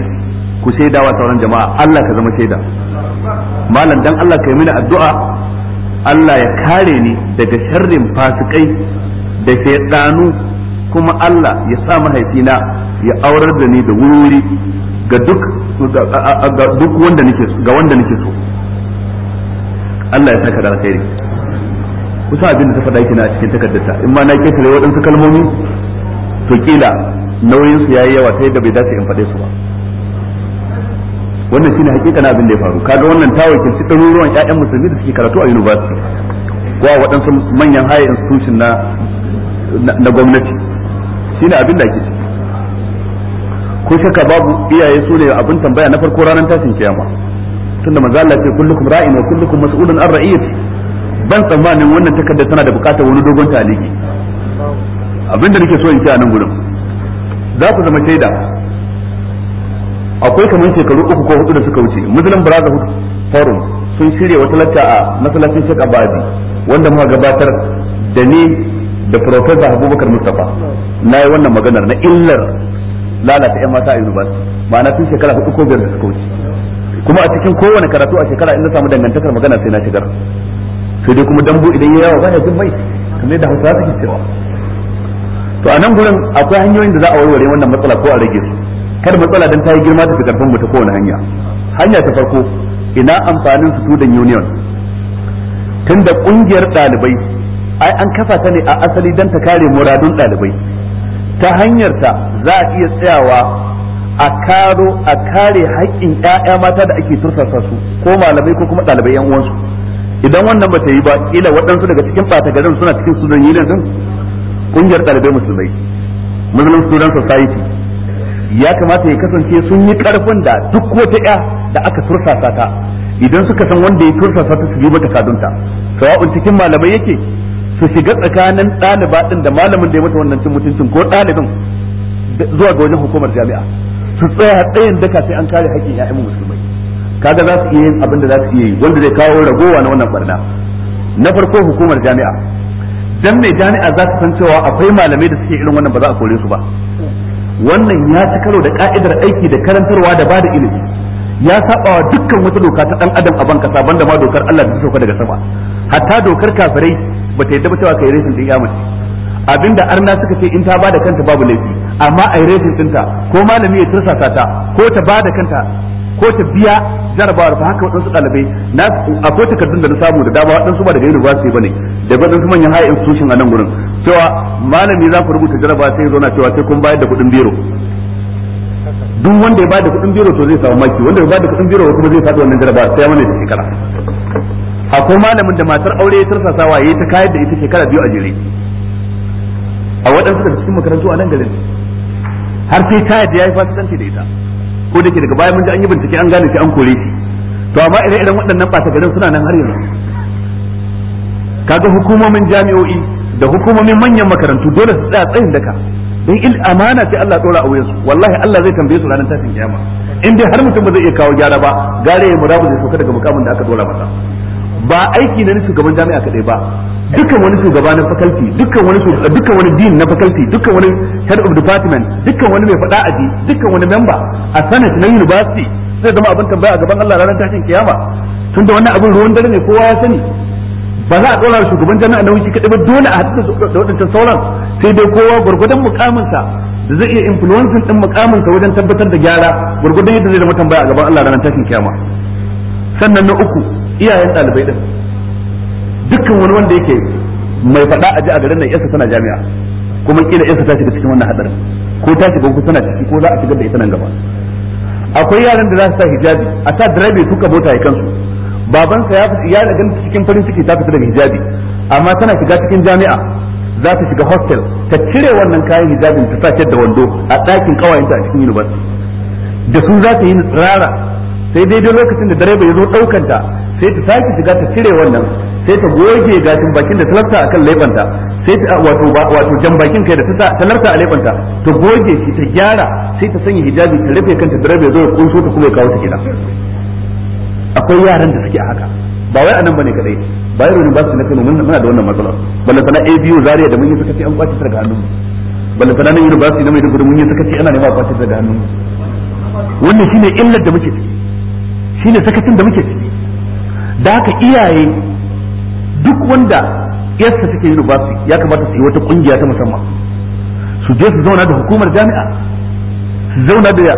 ku shaida wa sauran jama'a Allah ka zama shaida malam dan Allah ka yi mini addu'a Allah ya kare ni daga sharrin fasikai da shaidanu kuma Allah ya sa mahaifina ya aurar da ni da wuri ga duk ga duk wanda nake ga wanda nake so Allah ya saka da alheri kusa abin da ta faɗa kina a cikin takardarta in ma na ketare waɗansu kalmomi to kila nauyin su yayi yawa ta yadda bai dace in faɗe su ba wannan shine hakika na abin da ya faru kaga wannan ta wakilci ɗaruruwan ƴaƴan musulmi da suke karatu a university ko a waɗansu manyan high institution na na gwamnati shine abin da ake ciki ko shakka babu iyaye su ne abin tambaya na farko ranar tashin kiyama tunda manzo Allah ce kullukum ra'in wa kullukum mas'ulun an ra'iyati ban tsammanin wannan takarda tana da bukatar wani dogon taliki abinda nake so in ce a nan gudun za ku zama shaida akwai kamar shekaru uku ko hudu da suka wuce muslim brotherhood forum sun shirya wata lacca a masallacin shek abadi wanda muka gabatar da ni da profesa abubakar mustapha na yi wannan maganar na illar lalata yan mata a university ma'ana tun shekara hudu ko biyar da suka wuce kuma a cikin kowane karatu a shekara inda samu dangantakar magana sai na shigar sai dai kuma dambu idan ya yawa bane jin mai kamar yadda hausawa suke cewa to a nan gurin akwai hanyoyin da za a warware wannan matsala ko a rage su kar matsala dan ta yi girma ta fi karfin ta kowane hanya hanya ta farko ina amfanin student union tunda kungiyar dalibai ai an kafa ta ne a asali dan ta kare muradun dalibai ta hanyar ta za a iya tsayawa a karo a kare haƙƙin ƴaƴa mata da ake tursasa su ko malamai ko kuma ɗalibai yan uwansu idan wannan ba ta yi ba kila waɗansu daga cikin ɓata garin suna cikin sunan yi din kungiyar ɗalibai musulmai muslim student society ya kamata ya kasance sun yi ƙarfin da duk wata ya da aka tursasa ta idan suka san wanda ya tursasa ta su yi mata kadunta sawa'un cikin malamai yake su shiga tsakanin ɗaliba ɗin da malamin da ya mata wannan cin mutuncin ko ɗalibin zuwa ga wajen hukumar jami'a su tsaya tsayin daka sai an kare haƙƙin 'ya'yan musulmai kaga za su iya yin abin da za su iya yi wanda zai kawo ragowa na wannan barna na farko hukumar jami'a dan mai jami'a za ta san cewa akwai malamai da suke irin wannan ba za a kore su ba wannan ya ci karo da ka'idar aiki da karantarwa da bada ilimi ya saba wa dukkan wata doka ta dan adam a banka saban da ma dokar Allah da ta sauka daga sama hatta dokar kafirai ba ta yadda ba cewa kai rashin din abinda arna suka ce in ta ba da kanta babu laifi amma ai rashin dinta ko malami ya tursasa ta ko ta ba da kanta ko ta biya jarabawa fa haka wadansu dalibai na akwai takardun da na samu da dama wadansu ba daga university bane da wadansu manyan high institution a nan gurin cewa malami za ku rubuta jarabawa sai zo na cewa sai kun bayar da kuɗin biro duk wanda ya bada kuɗin biro to zai samu maki wanda ya bada kuɗin biro kuma zai faɗi wannan jarabawa sai mana da shekara akwai malamin da matar aure ya tarsasawa yayi ta kayar da ita shekara biyu a jere a waɗansu da cikin makarantu a nan garin har sai kayar da ya yi fasikanci da ita ko da ke daga baya mun ji an yi bincike an gane shi an kore shi to amma ire iren waɗannan ɓata garin suna nan har yanzu kaga hukumomin jami'o'i da hukumomin manyan makarantu dole su tsaya tsayin daka dan il amana ce Allah dora a wuyansu wallahi Allah zai tambaye su ranar tashin kiyama in dai har mutum ba zai iya kawo gyara ba gare ya murabu zai sauka daga mukamin da aka dora masa ba aiki na shugaban jami'a kadai ba dukkan wani shugaba na faculty dukkan wani dukkan wani dean na faculty dukkan wani head of department dukkan wani mai fada aji dukkan wani member a senate na university zai zama abin tambaya a gaban Allah ranar tashin kiyama tunda wannan abin ruwan dare ne kowa ya sani ba za a ɗora shugaban jami'a na wuce kaɗai ba dole a haɗu da waɗancan sauran sai dai kowa gwargwadon mukaminsa da zai iya influencing ɗin mukaminsa wajen tabbatar da gyara gwargwadon yadda zai zama tambaya a gaban Allah ranar tashin kiyama sannan na uku iyayen ɗalibai din dukkan wani wanda yake mai faɗa a ji a garin nan yasa tana jami'a kuma kila yasa ta shiga cikin wannan hadarin ko ta shiga ko tana ciki ko za a shigar da ita nan gaba akwai yaran da za su sa hijabi a sa direbe tuka mota ya kansu babansa ya ya da cikin farin ciki ta fita daga hijabi amma tana shiga cikin jami'a za ta shiga hostel ta cire wannan kayan hijabin ta sa da wando a ɗakin kawayenta a cikin university da su za ta yi tsirara sai daidai lokacin da direba ya zo ɗaukanta sai ta sake shiga ta cire wannan sai ta goge gashin bakin da talarta akan laifanta sai ta wato wato jan bakin kai da ta talarta a laifanta ta goge shi ta gyara sai ta sanya hijabi ta rufe kanta da rabe zo ko so ta kuma kawo ta gida akwai yaran da suke haka ba wai anan bane kadai bayero ne ba su na kano muna da wannan matsalar ballanta a abu zaria da mun yi suka ce an kwace ta daga hannun ballanta na university na mai da mun yi suka ce ana nema kwace ta daga hannun wannan shine illar da muke ciki shine sakacin da muke ciki da haka iyaye duk wanda yarsa take university ya kamata su yi wata kungiya ta musamman su je su zauna da hukumar jami'a su zauna da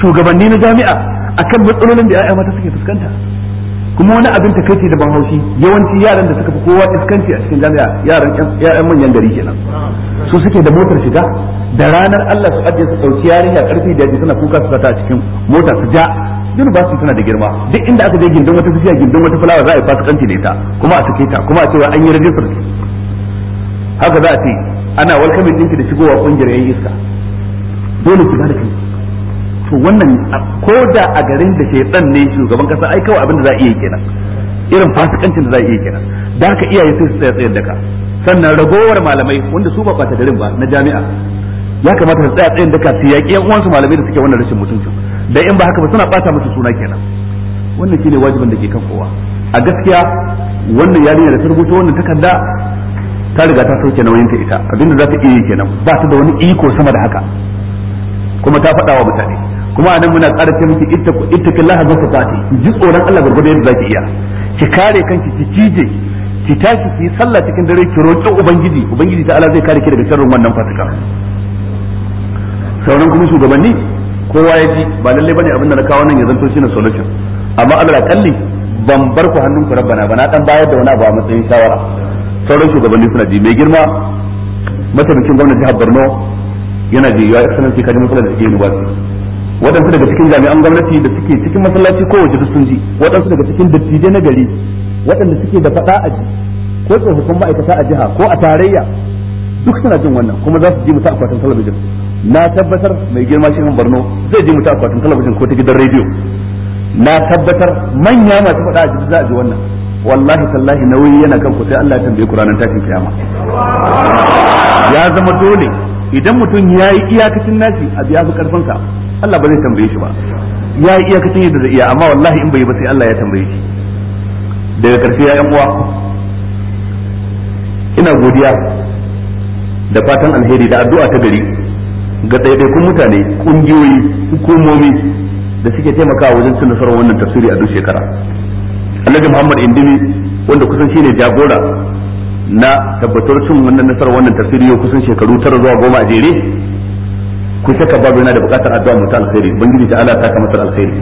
shugabanni na jami'a akan matsalolin da ya'ya mata suke fuskanta kuma wani abin ta kai da ban haushi yawanci yaran da suka fi kowa iskanci a cikin jami'a yaran yaran manyan gari kenan su suke da motar shiga da ranar Allah su ajiye su dauki yarinya karfi da suna kuka su fata a cikin mota su ja university tana da girma duk inda aka je gindin wata bishiya gindin wata fulawa za a yi fasikanci da ita kuma a sake ta kuma a cewa an yi rajistar haka za a ce ana welcoming ɗinki da shigowa kungiyar yayin iska dole ku da kai to wannan ko da a garin da shaitan ne shugaban kasa ai kawai abin da za a iya kenan irin fasikancin da za a iya kenan da haka iyaye sai su tsaya tsayar da ka sannan ragowar malamai wanda su ba ɓata garin ba na jami'a ya kamata su tsaya tsayin daka su yaƙi yan uwansu malamai da suke wannan rashin mutuncin da in ba haka ba suna bata musu suna kenan wannan shine wajibin da ke kan kowa a gaskiya wannan yarinya da ta rubuta wannan takarda ta riga ta sauke ta ita abinda za ta iya yi kenan ba ta da wani iko sama da haka kuma ta faɗa wa mutane kuma anan muna ƙara ce miki ittaku ittaqillaha ta sifati ji tsoron Allah gurgurda yadda zaki iya ki kare kanki ki cije ki tashi ki sallah cikin dare ki roƙi ubangiji ubangiji ta Allah zai kare ki daga sharrin wannan fasika sauran kuma shugabanni kowa ya ji ba lalle bane abin da na kawo nan ya zanto shine solution amma ya kalli ban bar ku hannun ku rabbana ba na dan bayar da wani abu a matsayin shawara sauran shugabanni suna ji mai girma mataimakin gwamnati jihar Borno yana ji ya excellency kadi matsalar da ke yi ba waɗansu daga cikin jami'an gwamnati da suke cikin masallaci ko duk sun ji waɗansu daga cikin dattijai na gari waɗanda suke da faɗa a ji ko tsofaffin ma'aikata a jiha ko a tarayya duk suna jin wannan kuma za su ji mu ta akwatin talabijin na tabbatar mai girma shehin barno zai ji mutu akwatin talabijin ko ta gidan rediyo na tabbatar manya masu faɗa a za a ji wannan wallahi tallahi nauyi yana kan ku sai Allah ya tambaye ku ranar tashin kiyama ya zama dole idan mutum ya yi iyakacin nashi a biya fi karfin sa Allah ba zai tambaye shi ba ya yi iyakacin yadda zai iya amma wallahi in bai ba sai Allah ya tambaye shi daga karfi ya yan uwa ina godiya da fatan alheri da addu'a ta gari ga ɗaiɗaikun mutane ƙungiyoyi hukumomi da suke taimakawa wajen cin nasarar wannan tafsiri a duk shekara annabi muhammad indimi wanda kusan shine jagora na tabbatar cin wannan nasarar wannan tafsiri yau kusan shekaru tara zuwa goma a jere ku saka babu yana da bukatar addu'a mu ta alkhairi ubangiji ta Allah ta ka masa alkhairi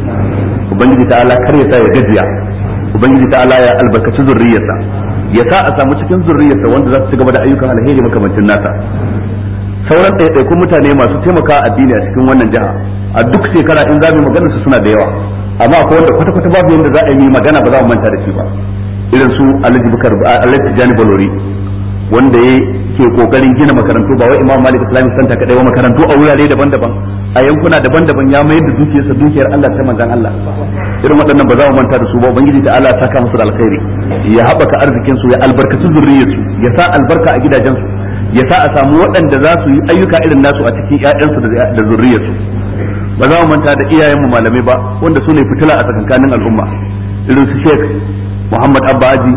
ubangiji ta Allah kar ya sa ya gajiya ubangiji ta Allah ya albarkaci zurriyarsa ya sa a samu cikin zurriyarsa wanda za su ci gaba da ayyukan alheri makamancin nasa sauran ɗaiɗaikun mutane masu taimaka addini a cikin wannan jiha a duk shekara in za mu magana su suna da yawa amma akwai wanda kwata kwata babu yadda za a yi magana ba za mu manta da shi ba irin su Alhaji Bukar Alhaji Jani Balori wanda ya ke kokarin gina makarantu ba wai Imam Malik Islamic Center kadai ba makarantu a wurare daban-daban a yankuna daban-daban ya mayar da dukiyarsa dukiyar Allah ta manzon Allah irin waɗannan ba za mu manta da su ba ubangiji ta Allah saka musu da alkhairi ya haɓaka arzikin su ya albarkaci zuriyarsu ya sa albarka a gidajensu ya sa a samu waɗanda za su yi ayyuka irin nasu a cikin ƴaƴansu da zurriyarsu ba za mu manta da iyayenmu malamai ba wanda su ne fitila a tsakankanin al'umma irin su sheik Muhammad Abba Aji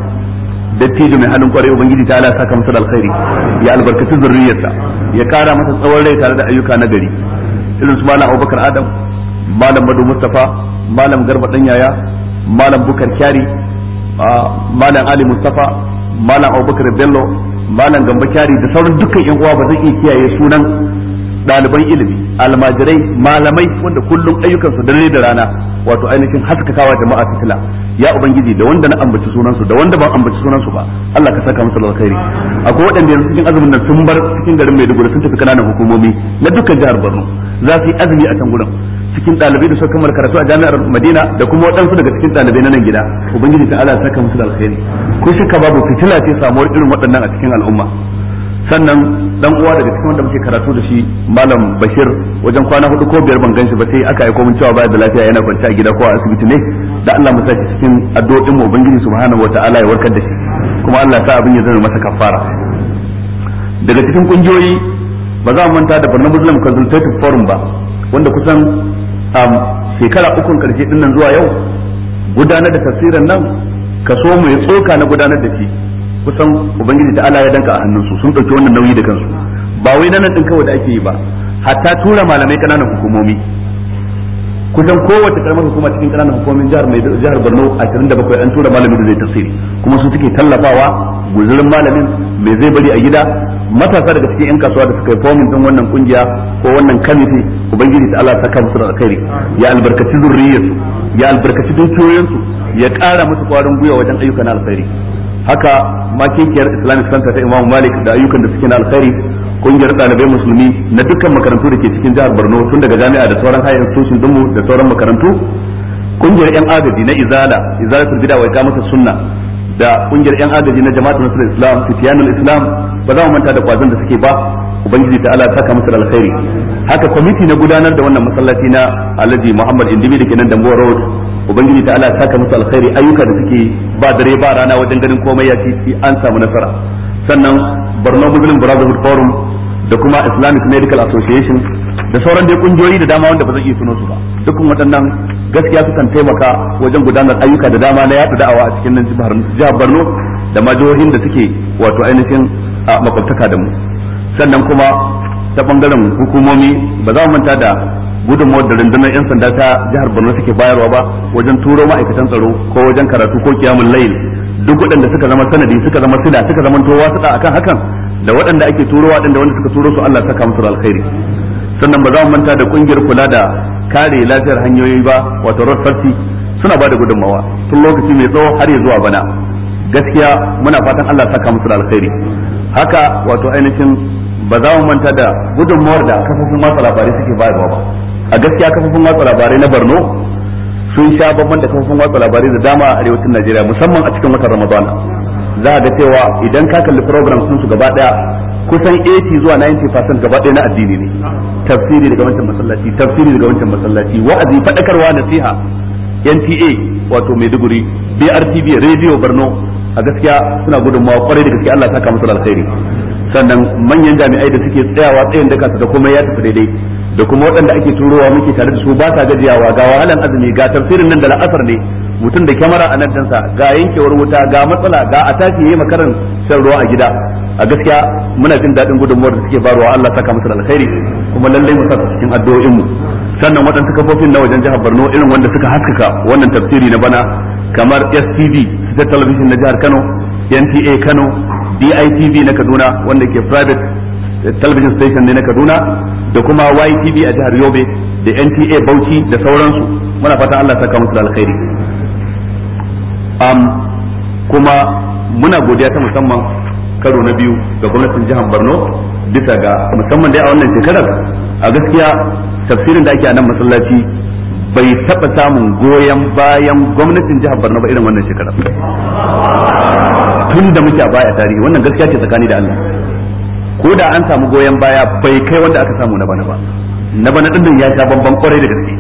dattijo mai halin kwarai ubangiji ta Allah saka masa alkhairi ya albarkaci zurriyarsa ya kara masa tsawon rai tare da ayyuka na gari irin su malam Abubakar Adam malam Madu Mustafa malam Garba dan yaya malam Bukar Kyari ah, malam Ali Mustafa malam Abubakar Bello malam gamba kyari da sauran dukkan yan uwa ba zai iya kiyaye sunan ɗaliban ilimi almajirai malamai wanda kullum ayyukansu dare da rana wato ainihin haskakawa jama'a fitila ya ubangiji da wanda na ambaci sunansu da wanda ban ambaci sunansu ba Allah ka saka musu alkhairi akwai waɗanda yanzu cikin azumin nan sun bar cikin garin Maiduguri sun tafi kananan hukumomi na dukkan jihar Borno za su yi azumi a can gurin cikin dalibai da suka kammala karatu a jami'ar Madina da kuma waɗansu daga cikin dalibai na nan gida ubangiji ta Allah saka musu alkhairi ko ka babu fitila ce samuwar irin waɗannan a cikin al'umma sannan dan uwa daga cikin wanda muke karatu da shi malam Bashir wajen kwana hudu ko biyar ban ganshi ba sai aka aika mun cewa baya da lafiya yana kwance a gida ko a asibiti ne da Allah mu saki cikin addu'o'in mu ubangiji subhanahu wataala ya warkar da shi kuma Allah ya sa abin ya zama masa kafara daga cikin kungiyoyi ba za mu manta da Barna Muslim Consultative Forum ba wanda kusan A shekara ukun karshe din nan zuwa yau gudanar da tafsirin nan kaso mai tsoka na gudanar da shi kusan ubangiji ta Allah ya danka a hannunsu sun ɗauki wannan nauyi da kansu ba wai nan din kawai da ake yi ba hatta tura malamai kananan hukumomi kusan kowace karamar hukuma cikin kananan hukumomin jihar mai jihar Borno 27 an tura malamin da zai tafsiri kuma su suke tallafawa guzurin malamin me zai bari a gida matasa daga cikin yan kasuwa da suka yi fomin din wannan kungiya ko wannan kamiti ubangiji ta Allah saka musu da alkhairi ya albarkaci zurriyarsu ya albarkaci dukiyoyinsu ya ƙara musu kwarin gwiwa wajen ayyukan alkhairi haka makinkiyar islamic center ta imam malik da ayyukan da suke na alkhairi kungiyar ɗalibai musulmi na dukkan makarantu da ke cikin jihar borno tun daga jami'a da sauran hayan institution dinmu da sauran makarantu kungiyar yan agaji na izala izalatul bid'a ga masa sunna da kungiyar yan agaji na jama'atul nasrul islam fitiyanul islam ba za mu manta da kwazon da suke ba ubangiji ta ala saka musu alkhairi haka kwamiti na gudanar da wannan masallaci na alhaji muhammad indimi da ke nan dambuwa road ubangiji ta ala saka musu alkhairi ayyuka da suke ba dare ba rana wajen ganin komai ya ci an samu nasara sannan borno muslim brotherhood forum da kuma Islamic Medical Association da sauran dai kungiyoyi da dama wanda ba zan iya tuno su ba dukkan waɗannan gaskiya sukan taimaka wajen gudanar ayyuka da dama na yaɗa da'awa a cikin nan jihar Borno da majohin da suke wato ainihin a makwabtaka da mu sannan kuma ta bangaren hukumomi ba za mu manta da gudunmawar da rundunar 'yan sanda ta jihar borno suke bayarwa ba wajen turo ma'aikatan tsaro ko wajen karatu ko kiyamul layil duk waɗanda suka zama sanadi suka zama sila suka zama towa suka akan hakan da waɗanda ake turowa waɗanda da wanda suka turo su Allah saka musu alkhairi sannan ba za mu manta da kungiyar kula da kare lafiyar hanyoyi ba wato road safety suna ba da gudunmawa tun lokaci mai tsawo har ya zuwa bana gaskiya muna fatan Allah saka musu alkhairi haka wato ainihin ba za mu manta da gudunmawar da kafofin watsa labarai suke bayarwa ba a gaskiya kafofin watsa labarai na Borno sun sha babban da kafofin watsa labarai da dama a arewacin Najeriya musamman a cikin watan Ramadana za a ga cewa idan ka kalli program sun su gaba daya kusan 80 zuwa 90% gaba daya na addini ne tafsiri daga wancan masallaci tafsiri daga wancan masallaci wa'azi fadakarwa nasiha NTA wato Maiduguri BRTB Radio Borno a gaskiya suna gudunmawa kwarai da gaske Allah ya saka musu alkhairi sannan manyan jami'ai da suke tsayawa tsayin daka su da komai ya tafi daidai da kuma waɗanda ake turowa muke tare da su ba sa gajiyawa ga wahalan azumi ga tafsirin nan da la'asar ne mutum da kyamara a nan dinsa ga yankewar wuta ga matsala ga a tafi yi makaran shan ruwa a gida a gaskiya muna jin daɗin gudunmuwar da suke barwa Allah saka musu alkhairi kuma lallai mu saka cikin addu'o'in mu sannan waɗansu kafofin na wajen jihar Borno irin wanda suka haskaka wannan tafsiri na bana kamar STV da talabijin na jihar Kano NTA Kano DITV na Kaduna wanda ke private television station ne na Kaduna da kuma YTV a jihar Yobe da NTA Bauchi da sauransu muna fata Allah saka musu alkhairi am kuma muna godiya ta musamman karo na biyu ga gwamnatin jihar Borno bisa ga musamman dai a wannan shekarar a gaskiya tafsirin da ake a nan masallaci bai taɓa samun goyon bayan gwamnatin jihar Borno ba irin wannan shekarar tun da muke a baya tarihi wannan gaskiya ce tsakani da Allah ko da an samu goyon baya bai kai wanda aka samu na bana ba na bana din ya sha bamban kwarai da gaske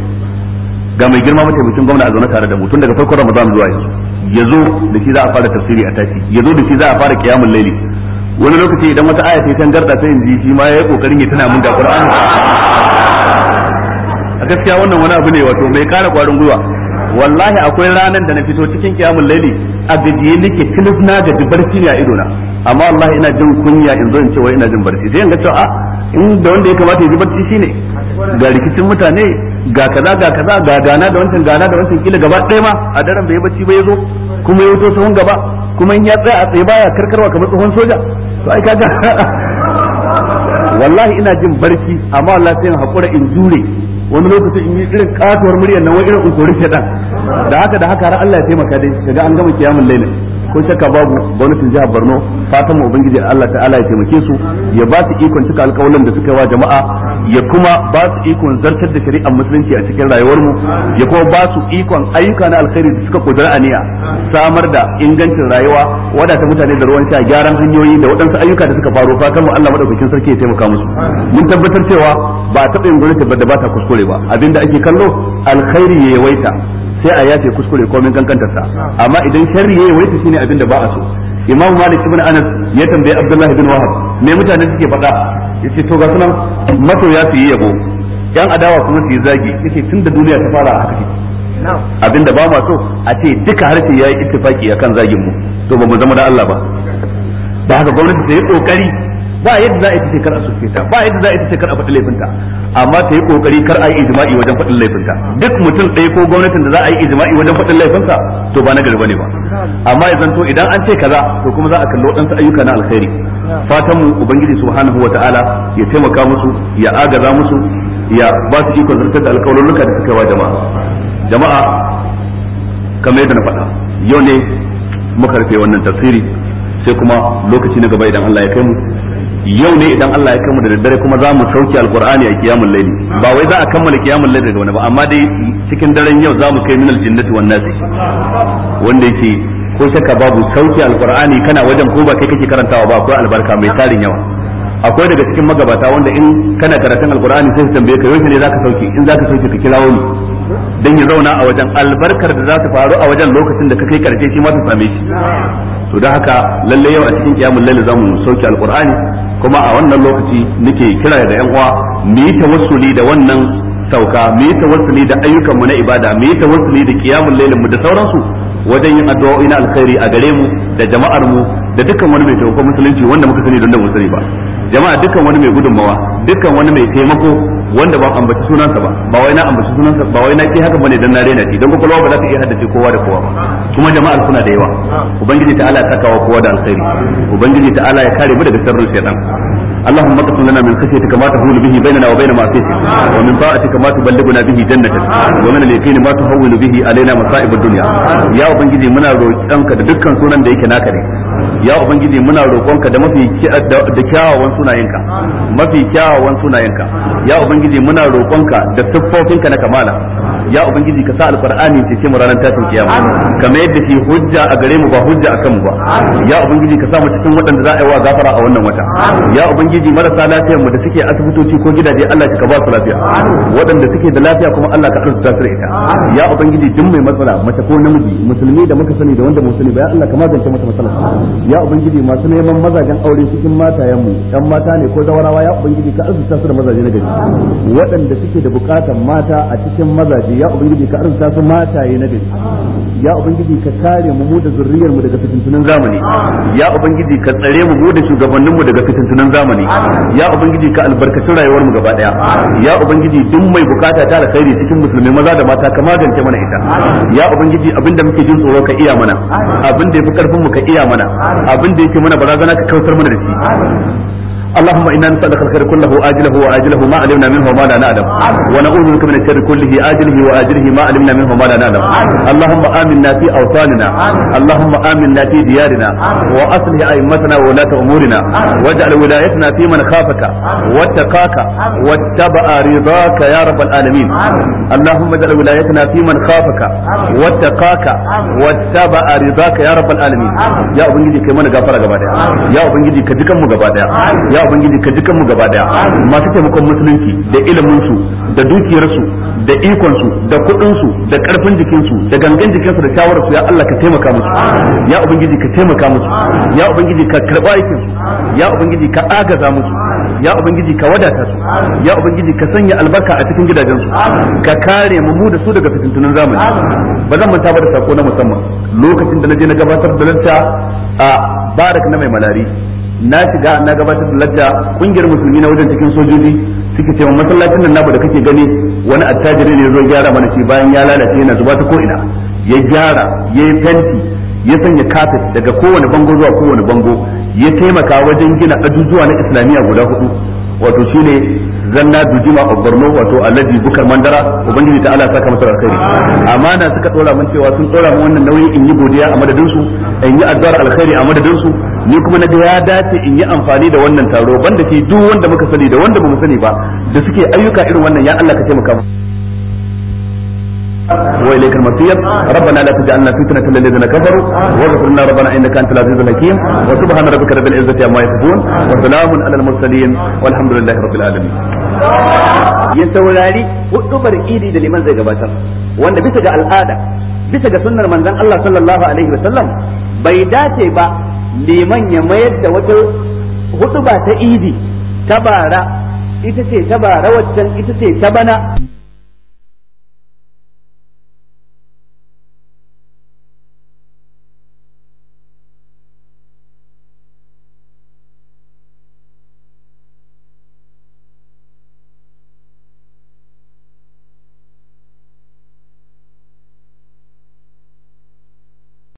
ga mai girma mataimakin gwamna a zaune tare da mu tun daga farkon Ramadan zuwa yanzu ya zo da shi za a fara tafsiri a tashi ya zo da shi za a fara kiyamul laili wani lokaci idan wata aya ta tangarda sai in ji shi ma yayi kokarin ya tana mun da Qur'ani a gaskiya wannan wani abu ne wato mai kara kwarin gwiwa wallahi akwai ranar da na fito cikin kiyamul laili a gajiye nake tilif na gaji barci ne a idona amma wallahi ina jin kunya in zo in ce wai ina jin barci sai in ga cewa ah, In da wanda ya kamata ya ji barci shine ga rikicin mutane ga kaza ga kaza ga gana da wancan gana da wancan kila gaba ɗaya ma a daren bai bacci ba ya zo kuma ya wuto sahun gaba kuma in ya tsaya a tsaye baya karkarwa kamar tsohon soja to ai kaga wallahi ina jin barci amma wallahi sai in hakura in jure wani lokaci in yi irin katuwar muryar nan wani irin kori shaɗan da haka da haka har Allah ya taimaka dai kaga an gama kiyamun lailin ko shakka babu gwamnatin jihar Borno fatan mu ubangiji Allah ta'ala ya taimake su ya ba su ikon cika alƙawarin da suka yi wa jama'a ya kuma ba su ikon zartar da shari'ar musulunci a cikin rayuwar mu ya kuma ba su ikon ayyuka na alkhairi da suka kudura aniya samar da ingancin rayuwa wadata mutane da ruwan sha gyaran hanyoyi da waɗansu ayyuka da suka faru fatan mu Allah madaukakin sarki ya taimaka musu mun tabbatar cewa ba taɓa yin gwamnati ba da ba ta kuskure ba abinda ake kallo alkhairi ya yawaita sai a yafe kuskure komin kankantarsa amma idan sharri yayi wai shine abin da ba a so imamu malik ibn anas ya tambaye abdullahi bin wahab me mutane suke faɗa yace to ga sunan masoya su yi yabo yan adawa kuma su yi zagi yace tunda duniya ta fara haka take da ba ma so a ce duka harshe yayi ittifaki akan zagin mu to ba mu zama da Allah ba ba haka gwamnati ta yi kokari ba yadda za a yi kar a suke ta ba yadda za a yi kar a faɗi laifinta amma ta yi kokari kar a yi izimai wajen faɗin laifinta duk mutum ɗaya ko gwamnatin da za a yi izimai wajen faɗin laifinsa to ba na gari ne ba amma ya zanto idan an ce kaza to kuma za a kalli waɗansu ayyuka na alkhairi fatan mu ubangiji subhanahu ta'ala ya taimaka musu ya agaza musu ya ba su ikon zartar da alƙawarurruka da suka wa jama'a jama'a kamar yadda na faɗa yau ne muka rufe wannan tasiri sai kuma lokaci na gaba idan Allah ya kai mu yau ne idan Allah ya kama da daddare kuma za mu sauke alqur'ani a kiyamul laili ba wai za a kammala kiyamul laili daga wani ba amma dai cikin daren yau za mu kai minal jinnati wan nasi wanda yake ko shakka babu sauke alqur'ani kana wajen ko ba kai kake karantawa ba akwai albarka mai tarin yawa akwai daga cikin magabata wanda in kana karatun alqur'ani sai su tambaye ka yau ne ka sauke in za ka sauke ka kirawo ni dan ya zauna a wajen albarkar da za ta faru a wajen lokacin da ka kai karshe shi ma ta same shi to da haka lalle yau a cikin kiyamul lail zamu sauke alqur'ani kuma a wannan lokaci nake kira da yan uwa mu yi tawassuli da wannan sauka mu yi tawassuli da ayyukan mu na ibada mu yi tawassuli da kiyamul lail mu da sauransu wajen yin addu'o'i na alkhairi a gare mu da jama'ar mu da dukkan wani mai taimako musulunci wanda muka sani don da musulunci ba jama'a dukkan wani mai gudunmawa dukkan wani mai taimako wanda ba ambaci sunansa ba ba wai na ambaci sunansa ba wai na ce haka bane dan na rena shi dan kokolwa ba za ta iya haddace kowa da kowa kuma jama'ar suna da yawa ubangiji ta Allah ya sakawa kowa da alkhairi ubangiji ta ya kare mu daga sharrin shaytan اللهم اقسم لنا من خشيتك ما تهون به بيننا وبين معصيتك ومن طاعتك ما تبلغنا به جنتك ومن اليقين ما تهون به علينا مصائب الدنيا يا ubangiji muna roƙonka da dukkan sunan da yake naka ya ubangiji muna roƙonka da mafi da kyawawan sunayenka mafi kyawawan sunayenka ya ubangiji muna roƙonka da siffofinka na kamala ya ubangiji ka sa alqur'ani ce ce mu ranar tashin kiyama kamar yadda shi hujja a gare mu ba hujja a mu ba ya ubangiji ka sa mu cikin waɗanda za a yi wa gafara a wannan wata ya ubangiji marasa lafiya mu da suke asibitoci ko gidaje Allah ka ba su lafiya waɗanda suke da lafiya kuma Allah ka arzuta su da ita ya ubangiji duk mai matsala mace ko namiji musulmi da muka sani da wanda musulmi ba ya Allah ka magance masa matsalar ya ubangiji masu neman mazajen aure cikin matayenmu dan mata ne ko zawarawa ya ubangiji ka arzuta su da mazaje na gari waɗanda suke da bukatan mata a cikin mazaje ya ubangiji ka arzuta su mataye na gari ya ubangiji ka kare mu mu da zurriyar mu daga fitintunan zamani ya ubangiji ka tsare mu mu da shugabannin mu daga fitintunan zamani ya ubangiji ka albarkacin rayuwar mu gaba daya ya ubangiji duk mai bukata ta alkhairi cikin musulmi maza da mata ka magance mana ita ya ubangiji abinda muke jin tsoro ka iya mana abinda yafi karfin mu ka iya mana abin da yake mana barazana ka kautar mana da shi اللهم انا نسالك الخير كله اجله واجله ما علمنا منه وما لا نعلم ونعوذ بك من الشر كله اجله واجله ما علمنا منه وما لا نعلم اللهم امنا في اوطاننا اللهم امنا في ديارنا واصلح ائمتنا وولاة امورنا واجعل ولايتنا في من خافك واتقاك واتبع رضاك يا رب العالمين اللهم اجعل ولايتنا في من خافك واتقاك واتبع رضاك يا رب العالمين يا ubangiji kai mana gafara gaba daya ya ubangiji ka dukan mu gaba daya ya ya ubangiji ka ji kanmu gaba daya masu taimakon musulunci da ilimin su da dukiyar su da ikon su da kuɗinsu, su da karfin jikin su da gangan jikin su da shawarar su ya Allah ka taimaka musu ya ubangiji ka taimaka musu ya ubangiji ka karba aikin su ya ubangiji ka agaza musu ya ubangiji ka wadata su ya ubangiji ka sanya albarka a cikin gidajen su ka kare mu mu da su daga fitintunan zamani ba zan manta ba da sako na musamman lokacin da na je na gabatar da lanta a barak na mai malari na shiga na gabatar da lacca kungiyar musulmi na wajen cikin sojoji suke cewa masallacin nan nabu da kake gani wani attajiri ne zo gyara mana shi bayan ya lalace yana zuba ta ko ina ya gyara ya yi fenti ya sanya kafet daga kowane bango zuwa kowane bango ya taimaka wajen gina ajujuwa na islamiyya guda hudu wato shine zanna dujima a borno wato alhaji bukar mandara ubangiji ta ala saka masa alkhairi amana suka dora mun cewa sun dora mun wannan nauyi in yi godiya a madadin su in yi addu'ar alkhairi a madadin su ni kuma na ga ya dace in yi amfani da wannan taro banda ke duk wanda muka sani da wanda bamu sani ba da suke ayyuka irin wannan ya Allah ka taimaka mu وإليك المصير ربنا لا تجعلنا فتنة للذين كفروا واغفر لنا ربنا إنك أنت العزيز الحكيم وسبحان ربك رب العزة عما يصفون وسلام على المرسلين والحمد لله رب العالمين ya hudubar idi da liman zai gabatar wanda bisa ga al'ada bisa ga sunnar manzon Allah sallallahu alaihi wasallam bai dace ba liman ya mayar da wata huɗuba ta idi ta bara ita ce ta bara waccan ita ce ta bana